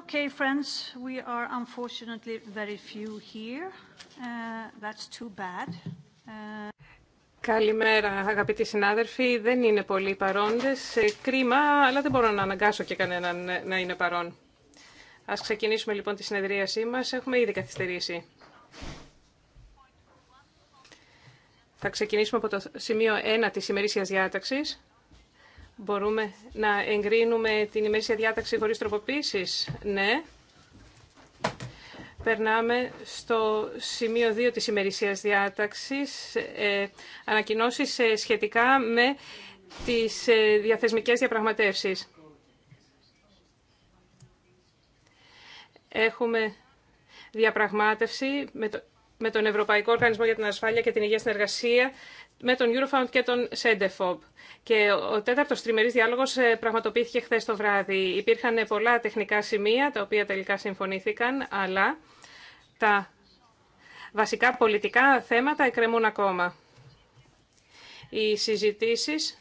Okay, friends, we are unfortunately very few here. Uh, that's too bad. Uh, Καλημέρα, αγαπητοί συνάδελφοι. Δεν είναι πολλοί παρόντες. Ε, κρίμα, αλλά δεν μπορώ να αναγκάσω και κανέναν να είναι παρόν. Ας ξεκινήσουμε λοιπόν τη συνεδρίασή μας. Έχουμε ήδη καθυστερήσει. Θα ξεκινήσουμε από το σημείο 1 της ημερήσιας διάταξης. Μπορούμε να εγκρίνουμε την ημερήσια διάταξη χωρίς τροποποίησης. Ναι. Περνάμε στο σημείο 2 της ημερησίας διάταξης, ε, ανακοινώσεις ε, σχετικά με τις ε, διαθεσμικές διαπραγματεύσεις. Έχουμε διαπραγμάτευση με το με τον Ευρωπαϊκό Οργανισμό για την Ασφάλεια και την Υγεία στην Εργασία, με τον Eurofound και τον Σέντεφοπ. Και ο τέταρτο τριμερής διάλογος ε, πραγματοποιήθηκε χθε το βράδυ. Υπήρχαν πολλά τεχνικά σημεία, τα οποία τελικά συμφωνήθηκαν, αλλά τα βασικά πολιτικά θέματα εκκρεμούν ακόμα. Οι συζητήσεις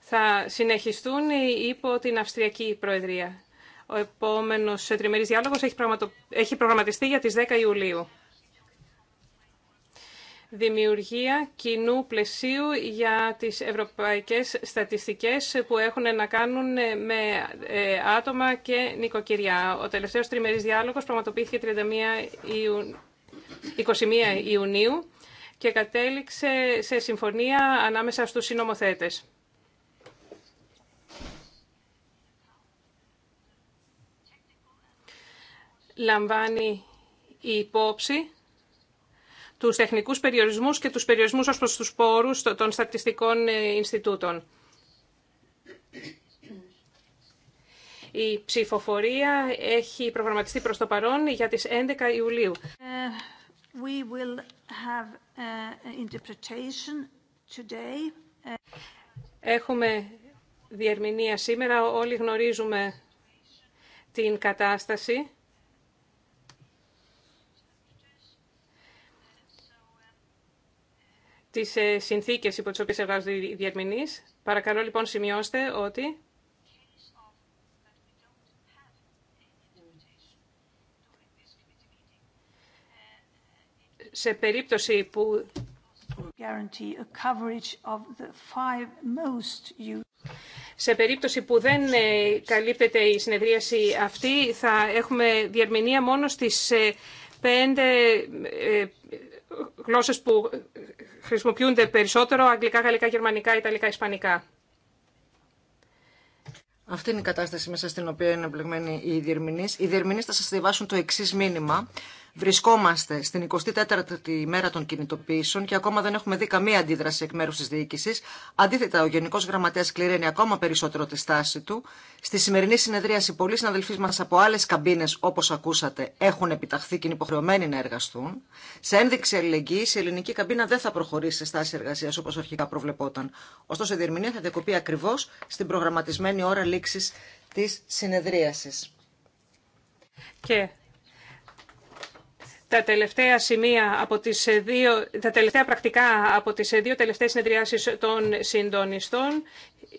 θα συνεχιστούν υπό την Αυστριακή Προεδρία. Ο επόμενος τριμερή διάλογος έχει, πραγματο... έχει προγραμματιστεί για τις 10 Ιουλίου. Δημιουργία κοινού πλαισίου για τις ευρωπαϊκές στατιστικές που έχουν να κάνουν ε, με ε, άτομα και νοικοκυριά. Ο τελευταίος τριμερής διάλογος πραγματοποιήθηκε 31 21 Ιουνίου και κατέληξε σε συμφωνία ανάμεσα στους συνομοθέτες. λαμβάνει η υπόψη τους τεχνικούς περιορισμούς και τους περιορισμούς ω προ του πόρου των στατιστικών ε, Ινστιτούτων. Η ψηφοφορία έχει προγραμματιστεί προς το παρόν για τις 11 Ιουλίου. Ε, ε, Έχουμε διερμηνία σήμερα. Όλοι γνωρίζουμε την κατάσταση. τις ε, συνθήκες υπό τι οποίε εργάζονται οι διερμηνείς. Παρακαλώ λοιπόν σημειώστε ότι... Σε περίπτωση που σε περίπτωση που δεν ε, καλύπτεται η συνεδρίαση αυτή, θα έχουμε διερμηνία μόνο στις ε, πέντε γλώσσες που χρησιμοποιούνται περισσότερο, αγγλικά, γαλλικά, γερμανικά, ιταλικά, ισπανικά. Αυτή είναι η κατάσταση μέσα στην οποία είναι εμπλεγμένοι οι διερμηνείς. Οι διερμηνείς θα σας διαβάσουν το εξή μήνυμα. Βρισκόμαστε στην 24η μέρα των κινητοποιήσεων και ακόμα δεν έχουμε δει καμία αντίδραση εκ μέρου τη διοίκηση. Αντίθετα, ο Γενικό Γραμματέα κληραίνει ακόμα περισσότερο τη στάση του. Στη σημερινή συνεδρίαση, πολλοί συναδελφοί μα από άλλε καμπίνε, όπω ακούσατε, έχουν επιταχθεί και είναι υποχρεωμένοι να εργαστούν. Σε ένδειξη αλληλεγγύη, η ελληνική καμπίνα δεν θα προχωρήσει σε στάση εργασία όπω αρχικά προβλεπόταν. Ωστόσο, η διερμηνία θα διακοπεί ακριβώ στην προγραμματισμένη ώρα λήξη τη συνεδρίαση. Και τα τελευταία από τις τα τελευταία πρακτικά από τις δύο τελευταίες συνεδριάσεις των συντονιστών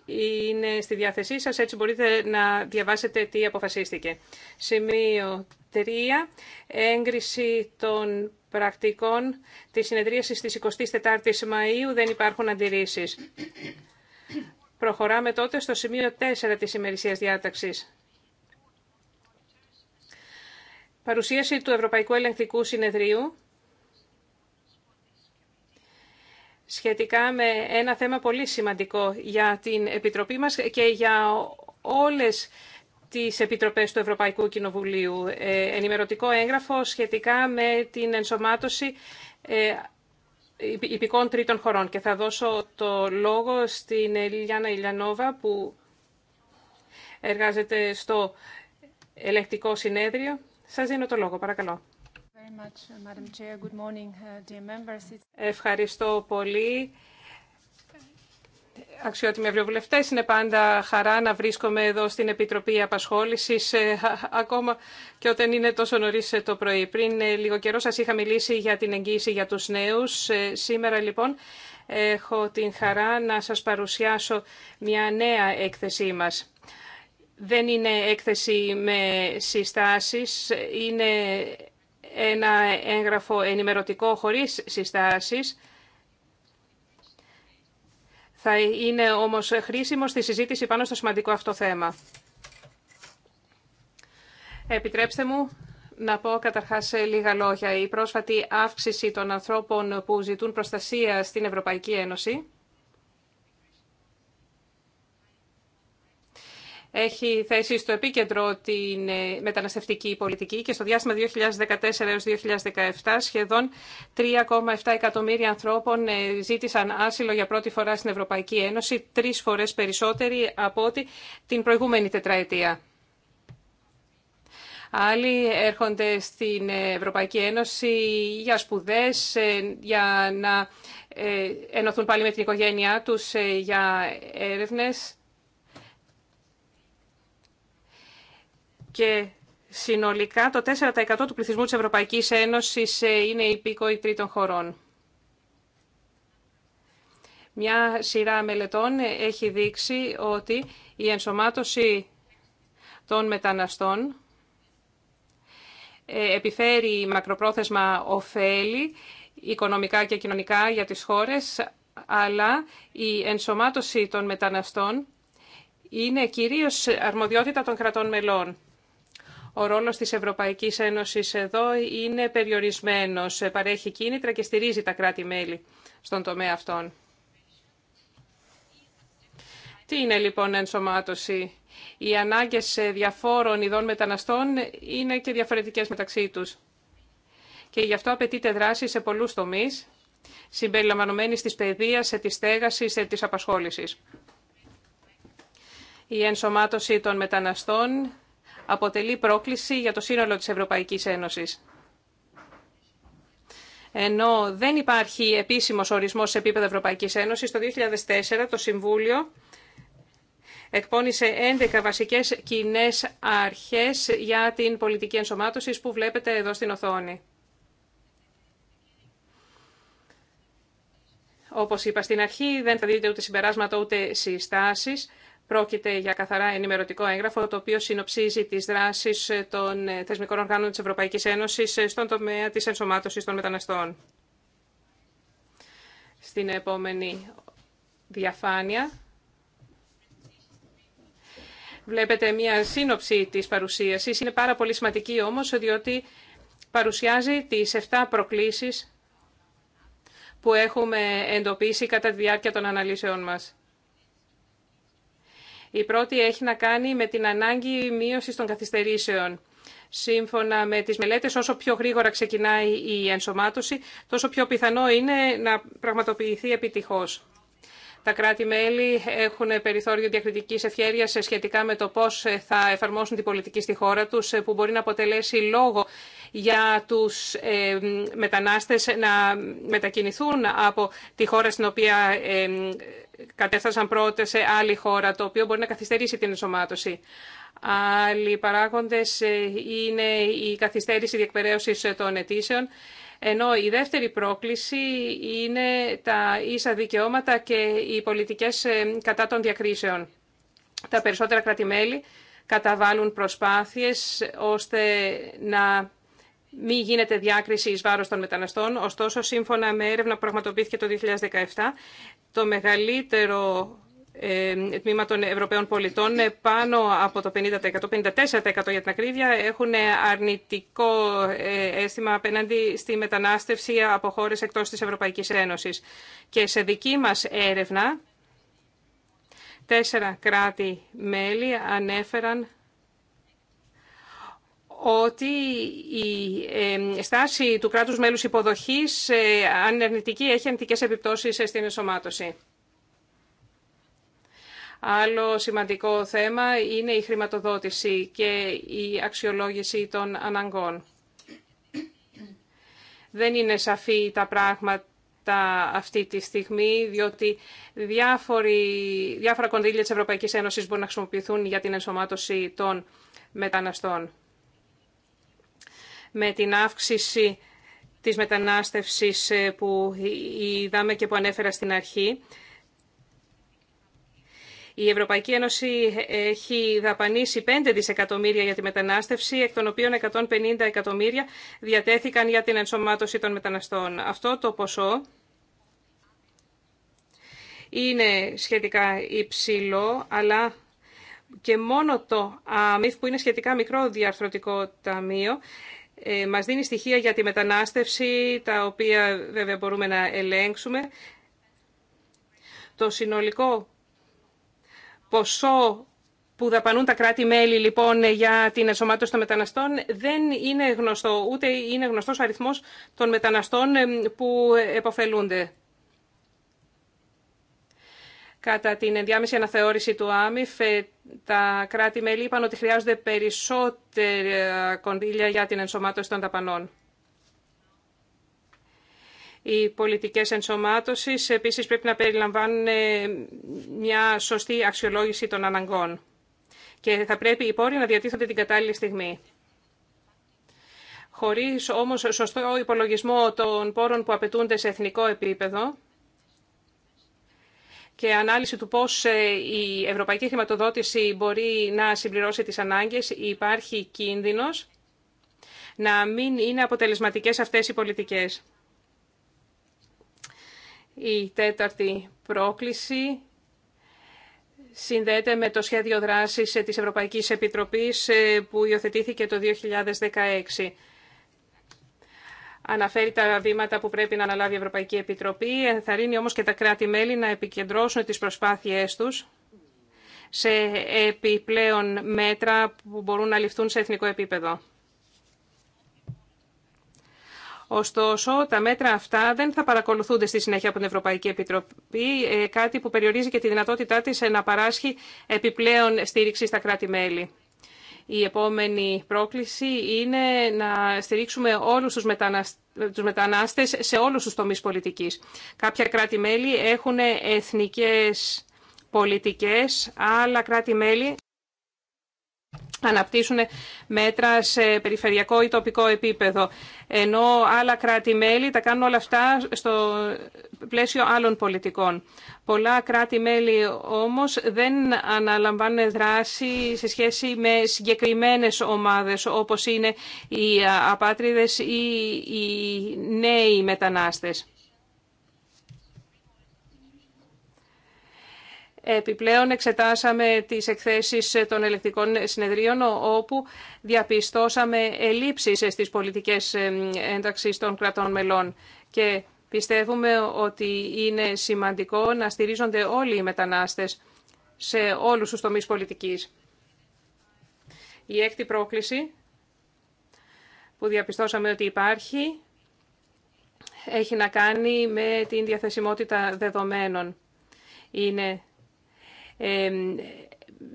είναι στη διάθεσή σας, έτσι μπορείτε να διαβάσετε τι αποφασίστηκε. Σημείο 3. Έγκριση των πρακτικών της συνεδρίασης της 24ης Μαΐου δεν υπάρχουν αντιρρήσεις. Προχωράμε τότε στο σημείο 4 της ημερησίας διάταξης. παρουσίαση του Ευρωπαϊκού Ελεγκτικού Συνεδρίου σχετικά με ένα θέμα πολύ σημαντικό για την Επιτροπή μας και για όλες τις Επιτροπές του Ευρωπαϊκού Κοινοβουλίου. Ε, ενημερωτικό έγγραφο σχετικά με την ενσωμάτωση ε, υπηκών τρίτων χωρών. Και θα δώσω το λόγο στην Ελιάνα Ιλιανόβα που εργάζεται στο ελεκτικό συνέδριο σας δίνω το λόγο, παρακαλώ. Uh, Ευχαριστώ πολύ. Αξιότιμοι ευρωβουλευτέ, είναι πάντα χαρά να βρίσκομαι εδώ στην Επιτροπή Απασχόληση, ε, ακόμα και όταν είναι τόσο νωρί ε, το πρωί. Πριν ε, λίγο καιρό σα είχα μιλήσει για την εγγύηση για του νέου. Σήμερα λοιπόν έχω την χαρά να σα παρουσιάσω μια νέα έκθεσή μα. Δεν είναι έκθεση με συστάσεις, είναι ένα έγγραφο ενημερωτικό χωρίς συστάσεις. Θα είναι όμως χρήσιμο στη συζήτηση πάνω στο σημαντικό αυτό θέμα. Επιτρέψτε μου να πω καταρχάς λίγα λόγια. Η πρόσφατη αύξηση των ανθρώπων που ζητούν προστασία στην Ευρωπαϊκή Ένωση έχει θέσει στο επίκεντρο την ε, μεταναστευτική πολιτική και στο διάστημα 2014 έως 2017 σχεδόν 3,7 εκατομμύρια ανθρώπων ε, ζήτησαν άσυλο για πρώτη φορά στην Ευρωπαϊκή Ένωση, τρεις φορές περισσότεροι από ότι την προηγούμενη τετραετία. Άλλοι έρχονται στην ε, Ευρωπαϊκή Ένωση για σπουδές, για να ενωθούν πάλι με την οικογένειά τους για έρευνες. και συνολικά το 4% του πληθυσμού της Ευρωπαϊκής Ένωσης ε, είναι υπήκοοι τρίτων χωρών. Μια σειρά μελετών ε, έχει δείξει ότι η ενσωμάτωση των μεταναστών ε, επιφέρει μακροπρόθεσμα ωφέλη οικονομικά και κοινωνικά για τις χώρες, αλλά η ενσωμάτωση των μεταναστών είναι κυρίως αρμοδιότητα των κρατών μελών. Ο ρόλο της Ευρωπαϊκής Ένωση εδώ είναι περιορισμένος, παρέχει κίνητρα και στηρίζει τα κράτη-μέλη στον τομέα αυτών. Τι είναι λοιπόν ενσωμάτωση. Οι ανάγκες διαφόρων ειδών μεταναστών είναι και διαφορετικές μεταξύ τους. Και γι' αυτό απαιτείται δράση σε πολλούς τομείς, συμπεριλαμβανομένης της παιδείας, της στέγασης, της απασχόλησης. Η ενσωμάτωση των μεταναστών αποτελεί πρόκληση για το σύνολο της Ευρωπαϊκής Ένωσης. Ενώ δεν υπάρχει επίσημος ορισμός σε επίπεδο Ευρωπαϊκής Ένωσης, το 2004 το Συμβούλιο εκπώνησε 11 βασικές κοινέ αρχές για την πολιτική ενσωμάτωση που βλέπετε εδώ στην οθόνη. Όπως είπα στην αρχή, δεν θα δείτε ούτε συμπεράσματα ούτε συστάσεις. Πρόκειται για καθαρά ενημερωτικό έγγραφο, το οποίο συνοψίζει τις δράσεις των θεσμικών οργάνων της Ευρωπαϊκής Ένωσης στον τομέα της ενσωμάτωση των μεταναστών. Στην επόμενη διαφάνεια βλέπετε μία σύνοψη της παρουσίασης. Είναι πάρα πολύ σημαντική όμως, διότι παρουσιάζει τις 7 προκλήσεις που έχουμε εντοπίσει κατά τη διάρκεια των αναλύσεων μας. Η πρώτη έχει να κάνει με την ανάγκη μείωση των καθυστερήσεων. Σύμφωνα με τις μελέτες, όσο πιο γρήγορα ξεκινάει η ενσωμάτωση, τόσο πιο πιθανό είναι να πραγματοποιηθεί επιτυχώς. Τα κράτη-μέλη έχουν περιθώριο διακριτική ευχέρεια σχετικά με το πώ θα εφαρμόσουν την πολιτική στη χώρα του, που μπορεί να αποτελέσει λόγο για του ε, μετανάστε να μετακινηθούν από τη χώρα στην οποία ε, κατέφθασαν πρώτα σε άλλη χώρα, το οποίο μπορεί να καθυστερήσει την ενσωμάτωση. Άλλοι παράγοντες ε, είναι η καθυστέρηση διεκπαιρέωση των αιτήσεων, ενώ η δεύτερη πρόκληση είναι τα ίσα δικαιώματα και οι πολιτικές ε, κατά των διακρίσεων. Τα περισσότερα κράτη-μέλη καταβάλουν προσπάθειες ώστε να μη γίνεται διάκριση εις βάρος των μεταναστών, ωστόσο σύμφωνα με έρευνα που πραγματοποιήθηκε το 2017, το μεγαλύτερο ε, τμήμα των Ευρωπαίων πολιτών, ε, πάνω από το 50%, 54% για την ακρίβεια, έχουν ε, αρνητικό αίσθημα απέναντι στη μετανάστευση από χώρες εκτός της Ευρωπαϊκής Ένωσης. Και σε δική μας έρευνα, τέσσερα κράτη-μέλη ανέφεραν ότι η στάση του κράτους μέλους υποδοχής, ε, αν είναι αρνητική, έχει αρνητικές επιπτώσεις στην ενσωμάτωση. Άλλο σημαντικό θέμα είναι η χρηματοδότηση και η αξιολόγηση των αναγκών. Δεν είναι σαφή τα πράγματα αυτή τη στιγμή, διότι διάφορα κονδύλια της Ευρωπαϊκής Ένωσης μπορούν να χρησιμοποιηθούν για την ενσωμάτωση των μεταναστών με την αύξηση της μετανάστευσης ε, που είδαμε και που ανέφερα στην αρχή. Η Ευρωπαϊκή Ένωση έχει δαπανίσει 5 δισεκατομμύρια για τη μετανάστευση, εκ των οποίων 150 εκατομμύρια διατέθηκαν για την ενσωμάτωση των μεταναστών. Αυτό το ποσό είναι σχετικά υψηλό, αλλά και μόνο το ΑΜΙΦ που είναι σχετικά μικρό διαρθρωτικό ταμείο ε, μας δίνει στοιχεία για τη μετανάστευση, τα οποία βέβαια μπορούμε να ελέγξουμε. Το συνολικό ποσό που δαπανούν τα κράτη-μέλη λοιπόν για την ενσωμάτωση των μεταναστών δεν είναι γνωστό, ούτε είναι γνωστός ο αριθμός των μεταναστών ε, που επωφελούνται. Κατά την ενδιάμεση αναθεώρηση του ΆΜΙΦ, ε, τα κράτη-μέλη είπαν ότι χρειάζονται περισσότερα κονδύλια για την ενσωμάτωση των ταπανών. Οι πολιτικές ενσωμάτωσης επίσης πρέπει να περιλαμβάνουν ε, μια σωστή αξιολόγηση των αναγκών και θα πρέπει οι πόροι να διατίθονται την κατάλληλη στιγμή. Χωρίς όμως σωστό υπολογισμό των πόρων που απαιτούνται σε εθνικό επίπεδο, και ανάλυση του πώς ε, η ευρωπαϊκή χρηματοδότηση μπορεί να συμπληρώσει τις ανάγκες, υπάρχει κίνδυνος να μην είναι αποτελεσματικές αυτές οι πολιτικές. Η τέταρτη πρόκληση συνδέεται με το σχέδιο δράσης της Ευρωπαϊκής Επιτροπής ε, που υιοθετήθηκε το 2016 αναφέρει τα βήματα που πρέπει να αναλάβει η Ευρωπαϊκή Επιτροπή, ενθαρρύνει όμως και τα κράτη-μέλη να επικεντρώσουν τις προσπάθειές τους σε επιπλέον μέτρα που μπορούν να ληφθούν σε εθνικό επίπεδο. Ωστόσο, τα μέτρα αυτά δεν θα παρακολουθούνται στη συνέχεια από την Ευρωπαϊκή Επιτροπή, ε, κάτι που περιορίζει και τη δυνατότητά της ε, να παράσχει επιπλέον στήριξη στα κράτη-μέλη. Η επόμενη πρόκληση είναι να στηρίξουμε όλους τους, μετανάστες σε όλους τους τομείς πολιτικής. Κάποια κράτη-μέλη έχουν εθνικές πολιτικές, άλλα κράτη-μέλη αναπτύσσουν μέτρα σε περιφερειακό ή τοπικό επίπεδο. Ενώ άλλα κράτη-μέλη τα κάνουν όλα αυτά στο πλαίσιο άλλων πολιτικών. Πολλά κράτη-μέλη όμως δεν αναλαμβάνουν δράση σε σχέση με συγκεκριμένες ομάδες όπως είναι οι απάτριδες ή οι νέοι μετανάστες. Επιπλέον εξετάσαμε τις εκθέσεις των ελεκτικών συνεδρίων όπου διαπιστώσαμε ελλείψεις στις πολιτικές ε, ένταξεις των κρατών μελών και πιστεύουμε ότι είναι σημαντικό να στηρίζονται όλοι οι μετανάστες σε όλους τους τομείς πολιτικής. Η έκτη πρόκληση που διαπιστώσαμε ότι υπάρχει έχει να κάνει με την διαθεσιμότητα δεδομένων. Είναι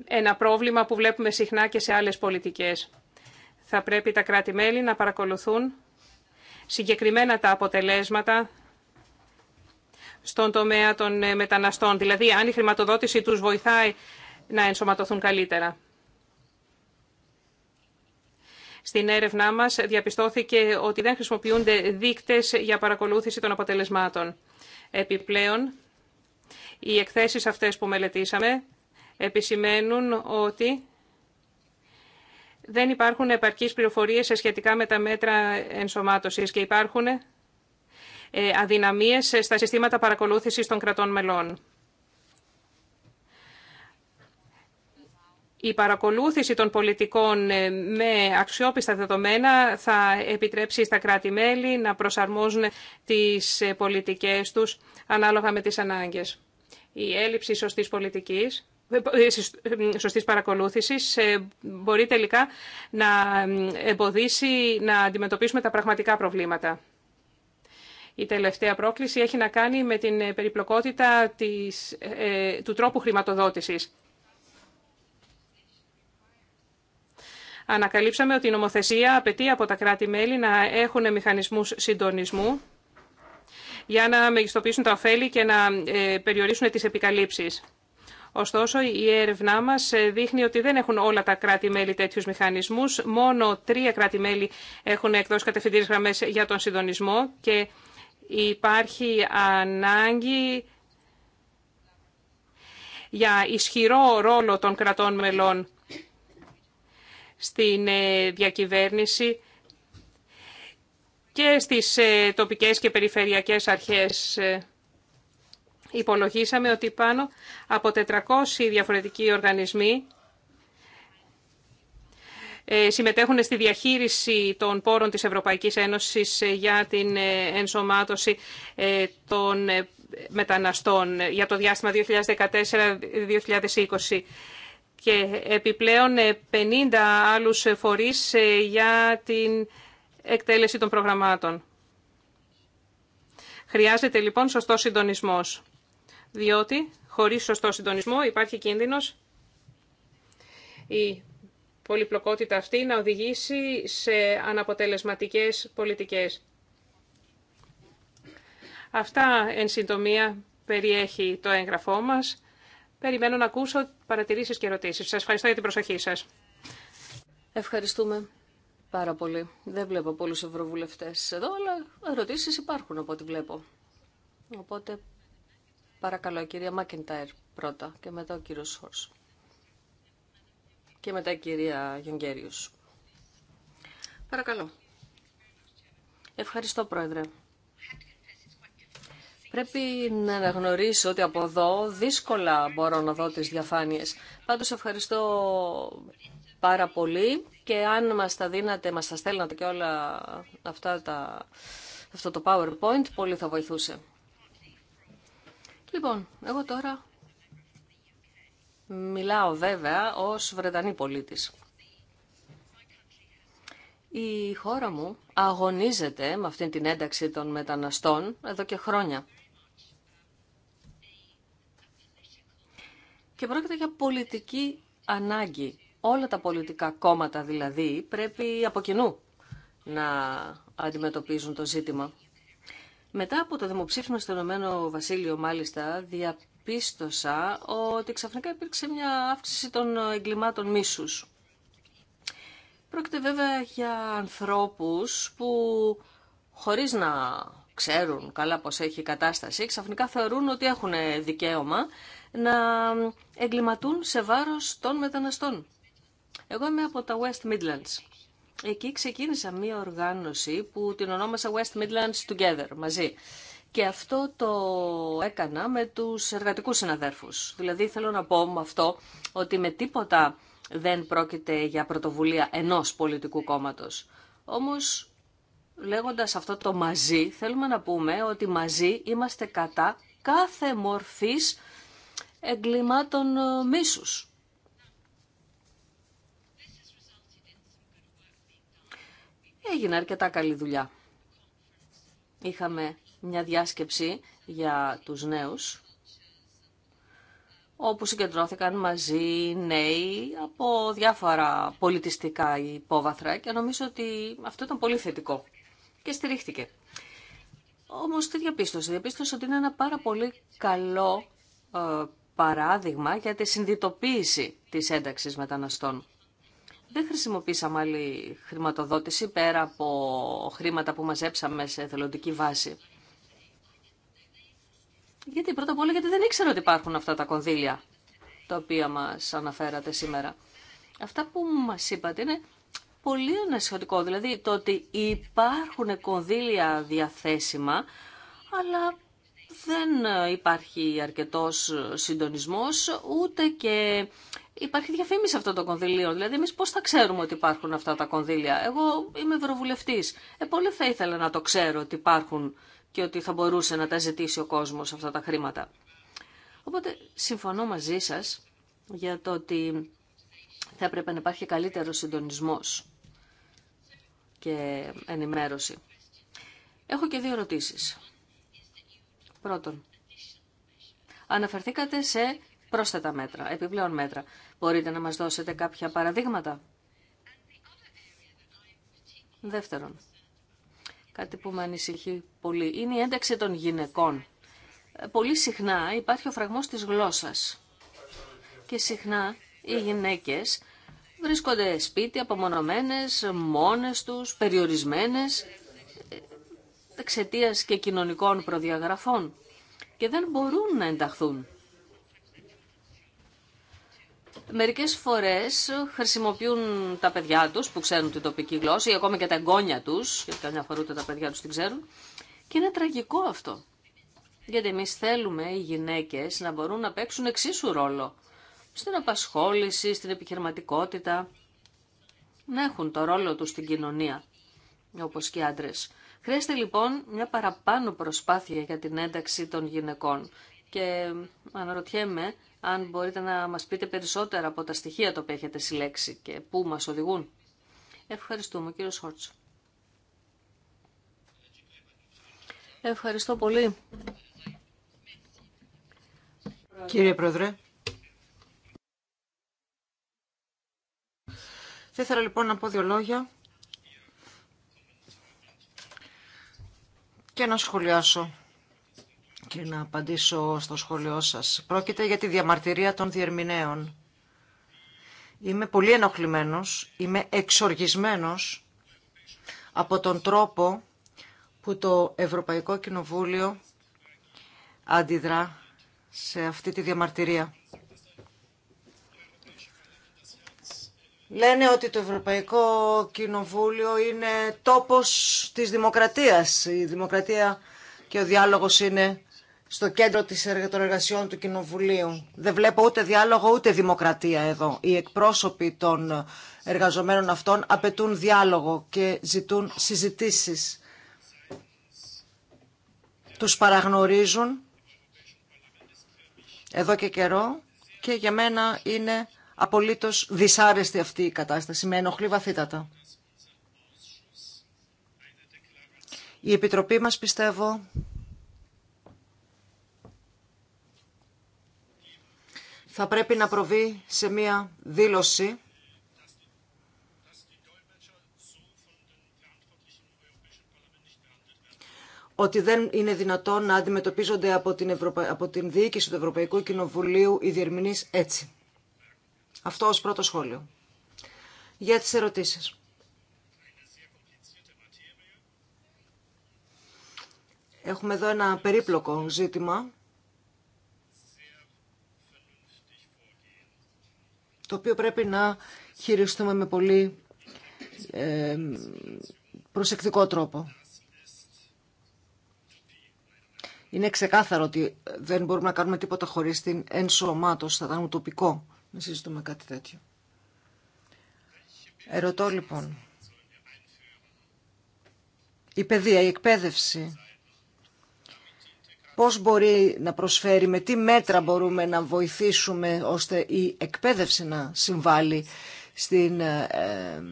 ένα πρόβλημα που βλέπουμε συχνά και σε άλλες πολιτικές. Θα πρέπει τα κράτη-μέλη να παρακολουθούν συγκεκριμένα τα αποτελέσματα στον τομέα των ε, μεταναστών. Δηλαδή, αν η χρηματοδότηση τους βοηθάει να ενσωματωθούν καλύτερα. Στην έρευνά μας διαπιστώθηκε ότι δεν χρησιμοποιούνται δείκτες για παρακολούθηση των αποτελεσμάτων. Επιπλέον, οι εκθέσεις αυτές που μελετήσαμε επισημαίνουν ότι δεν υπάρχουν επαρκείς πληροφορίες σχετικά με τα μέτρα ενσωμάτωσης και υπάρχουν ε, αδυναμίες στα συστήματα παρακολούθησης των κρατών μελών. Η παρακολούθηση των πολιτικών ε, με αξιόπιστα δεδομένα θα επιτρέψει στα κράτη-μέλη να προσαρμόζουν τις ε, πολιτικές τους ανάλογα με τις ανάγκες. Η έλλειψη σωστής πολιτικής, ε, ε, ε, σωστής παρακολούθησης μπορεί τελικά να εμποδίσει να αντιμετωπίσουμε τα πραγματικά προβλήματα. Η τελευταία πρόκληση έχει να κάνει με την περιπλοκότητα του τρόπου χρηματοδότησης. Ανακαλύψαμε ότι η νομοθεσία απαιτεί από τα κράτη-μέλη να έχουν μηχανισμούς συντονισμού για να μεγιστοποιήσουν τα ωφέλη και να ε, περιορίσουν τις επικαλύψεις. Ωστόσο, η έρευνά μα ε, δείχνει ότι δεν έχουν όλα τα κράτη-μέλη τέτοιου μηχανισμού. Μόνο τρία κράτη-μέλη έχουν εκδώσει κατευθυντήρε γραμμέ για τον συντονισμό και υπάρχει ανάγκη για ισχυρό ρόλο των κρατών μελών στην ε, διακυβέρνηση και στις ε, τοπικές και περιφερειακές αρχές ε, υπολογίσαμε ότι πάνω από 400 διαφορετικοί οργανισμοί ε, συμμετέχουν στη διαχείριση των πόρων της Ευρωπαϊκής Ένωσης για την ενσωμάτωση των μεταναστών για το διάστημα 2014-2020 και επιπλέον 50 άλλους φορείς για την εκτέλεση των προγραμμάτων. Χρειάζεται λοιπόν σωστό συντονισμός, διότι χωρίς σωστό συντονισμό υπάρχει κίνδυνος η πολυπλοκότητα αυτή να οδηγήσει σε αναποτελεσματικές πολιτικές. Αυτά εν συντομία περιέχει το έγγραφό μας. Περιμένω να ακούσω παρατηρήσεις και ερωτήσεις. Σας ευχαριστώ για την προσοχή σας. Ευχαριστούμε πάρα πολύ. Δεν βλέπω πολλούς ευρωβουλευτέ εδώ, αλλά ερωτήσει υπάρχουν από ό,τι βλέπω. Οπότε, παρακαλώ, κυρία Μάκεντάιρ πρώτα και μετά ο κύριος Χόρ. Και μετά η κυρία Γιονγκέριους. Παρακαλώ. Ευχαριστώ, Πρόεδρε. Πρέπει να αναγνωρίσω ότι από εδώ δύσκολα μπορώ να δω τις διαφάνειες. Πάντως ευχαριστώ πάρα πολύ και αν μας τα δίνατε, μας τα στέλνατε και όλα αυτά τα, αυτό το PowerPoint, πολύ θα βοηθούσε. Λοιπόν, εγώ τώρα μιλάω βέβαια ως Βρετανή πολίτης. Η χώρα μου αγωνίζεται με αυτήν την ένταξη των μεταναστών εδώ και χρόνια. Και πρόκειται για πολιτική ανάγκη Όλα τα πολιτικά κόμματα δηλαδή πρέπει από κοινού να αντιμετωπίζουν το ζήτημα. Μετά από το δημοψήφισμα στο Ηνωμένο Βασίλειο, μάλιστα, διαπίστωσα ότι ξαφνικά υπήρξε μια αύξηση των εγκλημάτων μίσους. Πρόκειται βέβαια για ανθρώπους που χωρίς να ξέρουν καλά πως έχει η κατάσταση, ξαφνικά θεωρούν ότι έχουν δικαίωμα να εγκληματούν σε βάρος των μεταναστών. Εγώ είμαι από τα West Midlands. Εκεί ξεκίνησα μία οργάνωση που την ονόμασα West Midlands Together, μαζί. Και αυτό το έκανα με τους εργατικούς συναδέρφους. Δηλαδή θέλω να πω με αυτό ότι με τίποτα δεν πρόκειται για πρωτοβουλία ενός πολιτικού κόμματος. Όμως λέγοντας αυτό το μαζί θέλουμε να πούμε ότι μαζί είμαστε κατά κάθε μορφής εγκλημάτων ε, μίσους. έγινε αρκετά καλή δουλειά. Είχαμε μια διάσκεψη για τους νέους, όπου συγκεντρώθηκαν μαζί νέοι από διάφορα πολιτιστικά υπόβαθρα και νομίζω ότι αυτό ήταν πολύ θετικό και στηρίχτηκε. Όμως τι διαπίστωσε. Διαπίστωσε ότι είναι ένα πάρα πολύ καλό ε, παράδειγμα για τη συνδυτοποίηση της ένταξης μεταναστών. Δεν χρησιμοποίησαμε άλλη χρηματοδότηση πέρα από χρήματα που μαζέψαμε σε εθελοντική βάση. Γιατί πρώτα απ' όλα γιατί δεν ήξερα ότι υπάρχουν αυτά τα κονδύλια τα οποία μας αναφέρατε σήμερα. Αυτά που μας είπατε είναι πολύ ανασυχωτικό. Δηλαδή το ότι υπάρχουν κονδύλια διαθέσιμα, αλλά δεν υπάρχει αρκετός συντονισμός, ούτε και υπάρχει διαφήμιση αυτό των κονδυλίων. Δηλαδή, εμεί πώ θα ξέρουμε ότι υπάρχουν αυτά τα κονδύλια. Εγώ είμαι ευρωβουλευτή. Ε, πολύ θα ήθελα να το ξέρω ότι υπάρχουν και ότι θα μπορούσε να τα ζητήσει ο κόσμο αυτά τα χρήματα. Οπότε, συμφωνώ μαζί σα για το ότι θα έπρεπε να υπάρχει καλύτερο συντονισμό και ενημέρωση. Έχω και δύο ερωτήσεις. Πρώτον, αναφερθήκατε σε πρόσθετα μέτρα, επιπλέον μέτρα. Μπορείτε να μας δώσετε κάποια παραδείγματα. Δεύτερον, κάτι που με ανησυχεί πολύ, είναι η ένταξη των γυναικών. Ε, πολύ συχνά υπάρχει ο φραγμός της γλώσσας και συχνά οι γυναίκες βρίσκονται σπίτι, απομονωμένες, μόνες τους, περιορισμένες, ε, εξαιτία και κοινωνικών προδιαγραφών και δεν μπορούν να ενταχθούν μερικές φορές χρησιμοποιούν τα παιδιά τους που ξέρουν την τοπική γλώσσα ή ακόμα και τα εγγόνια τους, γιατί καμιά φορά τα παιδιά τους την ξέρουν. Και είναι τραγικό αυτό. Γιατί εμεί θέλουμε οι γυναίκες να μπορούν να παίξουν εξίσου ρόλο στην απασχόληση, στην επιχειρηματικότητα, να έχουν το ρόλο τους στην κοινωνία, όπως και οι άντρες. Χρειάζεται λοιπόν μια παραπάνω προσπάθεια για την ένταξη των γυναικών. Και αναρωτιέμαι αν μπορείτε να μας πείτε περισσότερα από τα στοιχεία τα οποία έχετε συλλέξει και πού μας οδηγούν. Ευχαριστούμε, κύριο Χόρτσο. Ευχαριστώ πολύ. Κύριε Πρόεδρε. Θα ήθελα λοιπόν να πω δύο λόγια και να σχολιάσω και να απαντήσω στο σχόλιο σας. Πρόκειται για τη διαμαρτυρία των διερμηνέων. Είμαι πολύ ενοχλημένος, είμαι εξοργισμένος από τον τρόπο που το Ευρωπαϊκό Κοινοβούλιο αντιδρά σε αυτή τη διαμαρτυρία. Λένε ότι το Ευρωπαϊκό Κοινοβούλιο είναι τόπος της δημοκρατίας. Η δημοκρατία και ο διάλογος είναι στο κέντρο της των εργασιών του Κοινοβουλίου. Δεν βλέπω ούτε διάλογο ούτε δημοκρατία εδώ. Οι εκπρόσωποι των εργαζομένων αυτών απαιτούν διάλογο και ζητούν συζητήσεις. Τους παραγνωρίζουν εδώ και καιρό και για μένα είναι απολύτως δυσάρεστη αυτή η κατάσταση. Με ενοχλεί βαθύτατα. Η Επιτροπή μας πιστεύω θα πρέπει να προβεί σε μία δήλωση ότι δεν είναι δυνατόν να αντιμετωπίζονται από την, Ευρωπα... από την διοίκηση του Ευρωπαϊκού Κοινοβουλίου οι διερμηνείς έτσι. Αυτό ως πρώτο σχόλιο. Για τις ερωτήσεις. Έχουμε εδώ ένα περίπλοκο ζήτημα το οποίο πρέπει να χειριστούμε με πολύ ε, προσεκτικό τρόπο. Είναι ξεκάθαρο ότι δεν μπορούμε να κάνουμε τίποτα χωρίς την ενσωμάτωση. Θα ήταν ουτοπικό να συζητούμε κάτι τέτοιο. Ερωτώ λοιπόν. Η παιδεία, η εκπαίδευση πώς μπορεί να προσφέρει, με τι μέτρα μπορούμε να βοηθήσουμε ώστε η εκπαίδευση να συμβάλλει στην ε, ε,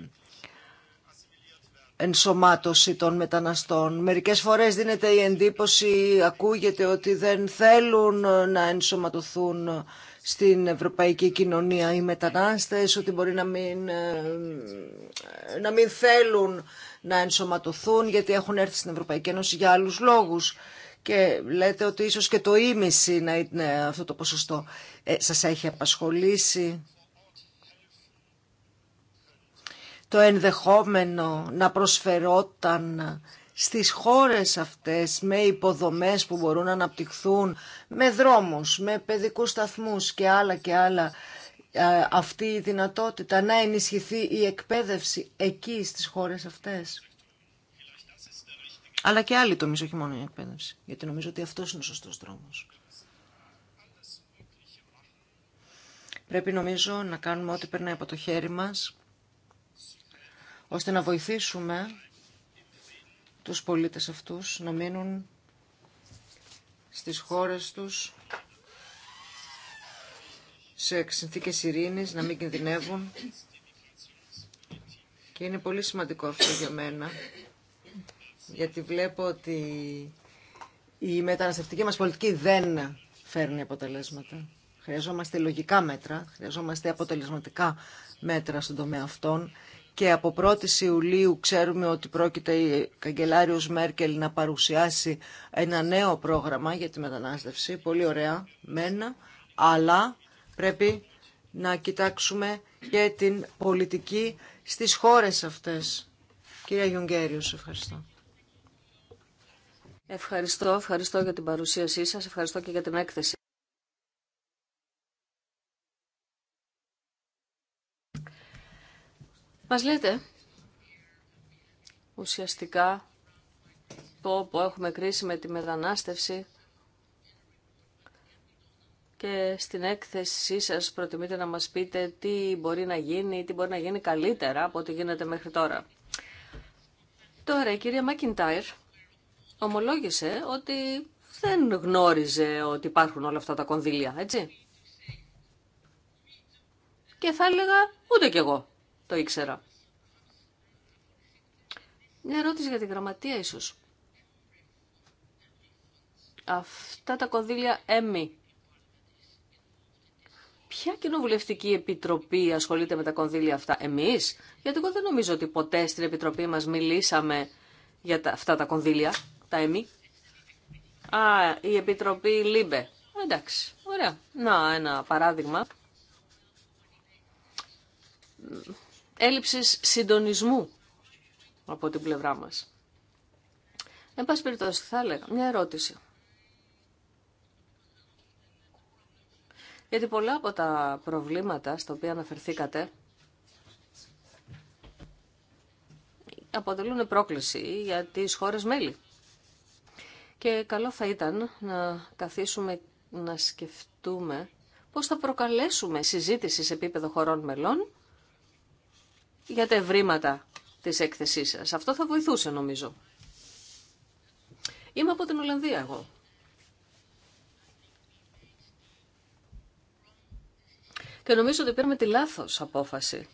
ενσωμάτωση των μεταναστών. Μερικές φορές δίνεται η εντύπωση, ακούγεται ότι δεν θέλουν ε, να ενσωματωθούν στην ευρωπαϊκή κοινωνία οι μετανάστες, ότι μπορεί να μην, να μην θέλουν να ενσωματωθούν γιατί έχουν έρθει στην Ευρωπαϊκή Ένωση για άλλους λόγους και λέτε ότι ίσως και το ίμιση να είναι αυτό το ποσοστό. Ε, σας έχει απασχολήσει το ενδεχόμενο να προσφερόταν στις χώρες αυτές με υποδομές που μπορούν να αναπτυχθούν, με δρόμους, με παιδικούς σταθμούς και άλλα και άλλα, ε, αυτή η δυνατότητα να ενισχυθεί η εκπαίδευση εκεί στις χώρες αυτές. Αλλά και άλλη τομείς, όχι μόνο η εκπαίδευση. Γιατί νομίζω ότι αυτός είναι ο σωστός δρόμος. Πρέπει νομίζω να κάνουμε ό,τι περνάει από το χέρι μας, ώστε να βοηθήσουμε τους πολίτες αυτούς να μείνουν στις χώρες τους σε συνθήκες ειρήνης, να μην κινδυνεύουν. Και είναι πολύ σημαντικό αυτό για μένα, γιατί βλέπω ότι η μεταναστευτική μας πολιτική δεν φέρνει αποτελέσματα. Χρειαζόμαστε λογικά μέτρα, χρειαζόμαστε αποτελεσματικά μέτρα στον τομέα αυτών και από 1η Ιουλίου ξέρουμε ότι πρόκειται η καγκελάριος Μέρκελ να παρουσιάσει ένα νέο πρόγραμμα για τη μετανάστευση, πολύ ωραία, μένα, αλλά πρέπει να κοιτάξουμε και την πολιτική στις χώρες αυτές. Κυρία Γιουγκέριος, ευχαριστώ. Ευχαριστώ, ευχαριστώ για την παρουσίασή σας, ευχαριστώ και για την έκθεση. Μας λέτε ουσιαστικά το που έχουμε κρίση με τη μετανάστευση και στην έκθεσή σας προτιμείτε να μας πείτε τι μπορεί να γίνει, τι μπορεί να γίνει καλύτερα από ό,τι γίνεται μέχρι τώρα. Τώρα η κυρία Μακιντάιρ ομολόγησε ότι δεν γνώριζε ότι υπάρχουν όλα αυτά τα κονδύλια, έτσι. Και θα έλεγα ούτε κι εγώ το ήξερα. Μια ερώτηση για τη γραμματεία ίσως. Αυτά τα κονδύλια έμει. Ποια κοινοβουλευτική επιτροπή ασχολείται με τα κονδύλια αυτά, εμείς, γιατί εγώ δεν νομίζω ότι ποτέ στην επιτροπή μας μιλήσαμε για τα, αυτά τα κονδύλια τα ΕΜΗ. Α, η Επιτροπή ΛΥΜΠΕ. Εντάξει, ωραία. Να, ένα παράδειγμα. Έλλειψης συντονισμού από την πλευρά μας. Εν πάση περιπτώσει, θα έλεγα μια ερώτηση. Γιατί πολλά από τα προβλήματα στα οποία αναφερθήκατε αποτελούν πρόκληση για τις χώρες μέλη. Και καλό θα ήταν να καθίσουμε να σκεφτούμε πώς θα προκαλέσουμε συζήτηση σε επίπεδο χωρών μελών για τα ευρήματα της έκθεσής σας. Αυτό θα βοηθούσε νομίζω. Είμαι από την Ολλανδία εγώ. Και νομίζω ότι πήραμε τη λάθος απόφαση.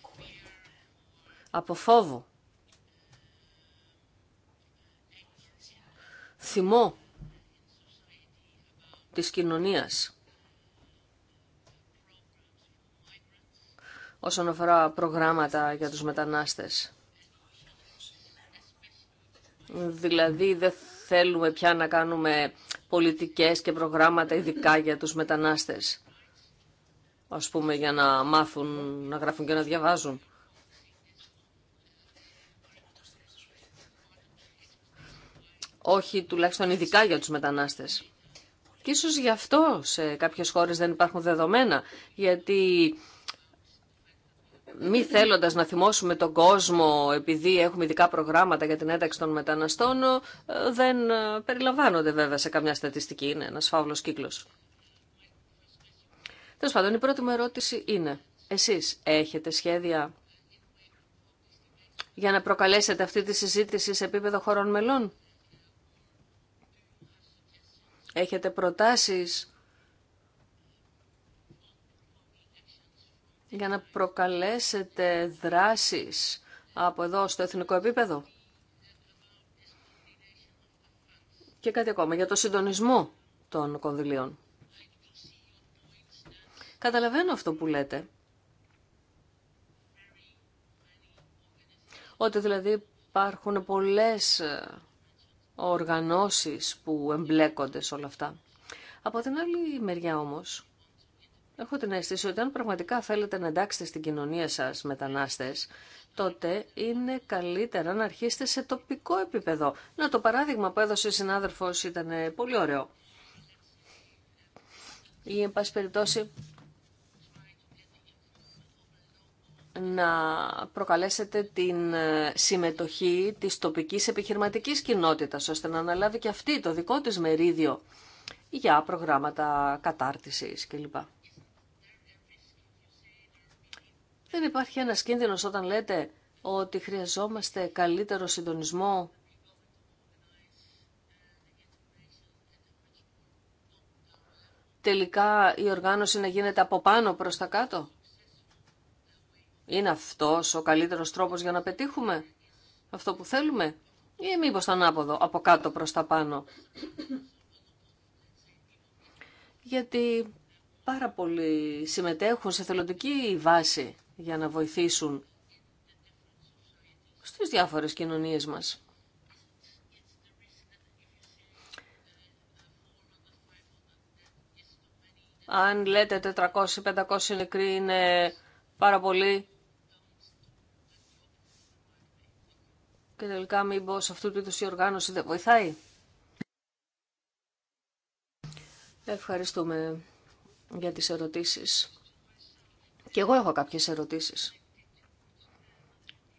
Από φόβο θυμό της κοινωνίας. όσον αφορά προγράμματα για τους μετανάστες. Δηλαδή δεν θέλουμε πια να κάνουμε πολιτικές και προγράμματα ειδικά για τους μετανάστες. Ας πούμε για να μάθουν να γράφουν και να διαβάζουν. όχι τουλάχιστον ειδικά για τους μετανάστες. Και ίσως γι' αυτό σε κάποιες χώρες δεν υπάρχουν δεδομένα, γιατί μη θέλοντας να θυμώσουμε τον κόσμο επειδή έχουμε ειδικά προγράμματα για την ένταξη των μεταναστών, ε, δεν ε, περιλαμβάνονται βέβαια σε καμιά στατιστική, είναι ένας φαύλος κύκλος. Τέλο πάντων, η πρώτη μου ερώτηση είναι, εσείς έχετε σχέδια για να προκαλέσετε αυτή τη συζήτηση σε επίπεδο χωρών μελών Έχετε προτάσεις για να προκαλέσετε δράσεις από εδώ στο εθνικό επίπεδο. Και κάτι ακόμα για το συντονισμό των κονδυλίων. Καταλαβαίνω αυτό που λέτε. Ότι δηλαδή υπάρχουν πολλές ε, οργανώσεις που εμπλέκονται σε όλα αυτά. Από την άλλη μεριά όμως, έχω την αίσθηση ότι αν πραγματικά θέλετε να εντάξετε στην κοινωνία σας μετανάστες, τότε είναι καλύτερα να αρχίσετε σε τοπικό επίπεδο. Να το παράδειγμα που έδωσε η συνάδελφος ήταν πολύ ωραίο. Ή, εν πάση να προκαλέσετε την ε, συμμετοχή της τοπικής επιχειρηματικής κοινότητας, ώστε να αναλάβει και αυτή το δικό της μερίδιο για προγράμματα κατάρτισης κλπ. Δεν υπάρχει ένας κίνδυνος όταν λέτε ότι χρειαζόμαστε καλύτερο συντονισμό τελικά η οργάνωση να γίνεται από πάνω προς τα κάτω. Είναι αυτός ο καλύτερος τρόπος για να πετύχουμε αυτό που θέλουμε ή μήπως ανάποδο, από κάτω προς τα πάνω. Γιατί πάρα πολλοί συμμετέχουν σε θελοντική βάση για να βοηθήσουν στις διάφορες κοινωνίες μας. Αν λέτε 400-500 νεκροί είναι πάρα πολύ, Και τελικά μήπω αυτού του είδους η οργάνωση δεν βοηθάει. Ευχαριστούμε για τις ερωτήσεις. Και εγώ έχω κάποιες ερωτήσεις.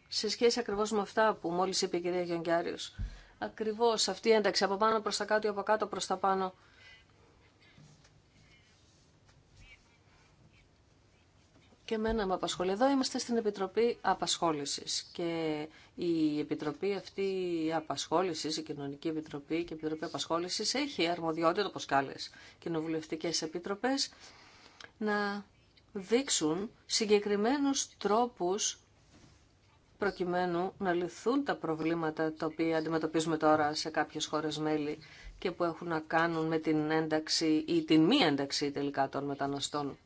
Σε σχέση ακριβώς με αυτά που μόλις είπε η κυρία Γιονγκιάριος, ακριβώς αυτή η ένταξη από πάνω προς τα κάτω ή από κάτω προς τα πάνω, και εμένα με απασχολεί. Εδώ είμαστε στην Επιτροπή Απασχόλησης και η Επιτροπή αυτή Απασχόλησης, η Κοινωνική Επιτροπή και η Επιτροπή Απασχόλησης έχει αρμοδιότητα, όπως και κοινοβουλευτικέ επιτροπές, να δείξουν συγκεκριμένους τρόπους προκειμένου να λυθούν τα προβλήματα τα οποία αντιμετωπίζουμε τώρα σε κάποιες χώρες μέλη και που έχουν να κάνουν με την ένταξη ή την μη ένταξη τελικά των μεταναστών.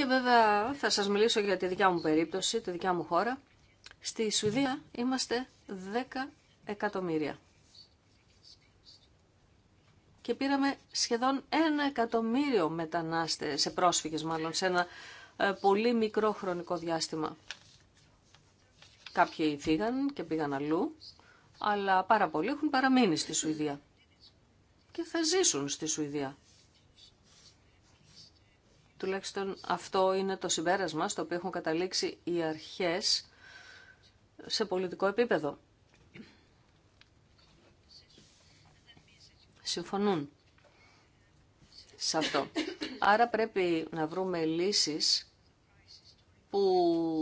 Και βέβαια θα σας μιλήσω για τη δικιά μου περίπτωση, τη δικιά μου χώρα. Στη Σουηδία είμαστε 10 εκατομμύρια. Και πήραμε σχεδόν ένα εκατομμύριο μετανάστες, σε πρόσφυγες μάλλον, σε ένα ε, πολύ μικρό χρονικό διάστημα. Κάποιοι φύγαν και πήγαν αλλού, αλλά πάρα πολλοί έχουν παραμείνει στη Σουηδία. Και θα ζήσουν στη Σουηδία. Τουλάχιστον αυτό είναι το συμπέρασμα στο οποίο έχουν καταλήξει οι αρχές σε πολιτικό επίπεδο. Συμφωνούν σε αυτό. Άρα πρέπει να βρούμε λύσεις που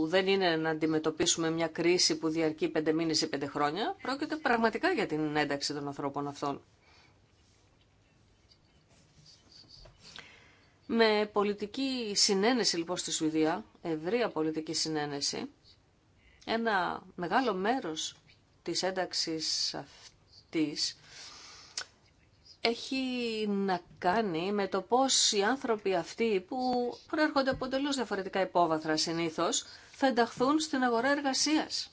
δεν είναι να αντιμετωπίσουμε μια κρίση που διαρκεί πέντε μήνες ή πέντε χρόνια. Πρόκειται πραγματικά για την ένταξη των ανθρώπων αυτών. Με πολιτική συνένεση λοιπόν στη Σουηδία, ευρεία πολιτική συνένεση, ένα μεγάλο μέρος της ένταξης αυτής έχει να κάνει με το πώς οι άνθρωποι αυτοί που προέρχονται από τελείως διαφορετικά υπόβαθρα συνήθως θα ενταχθούν στην αγορά εργασίας.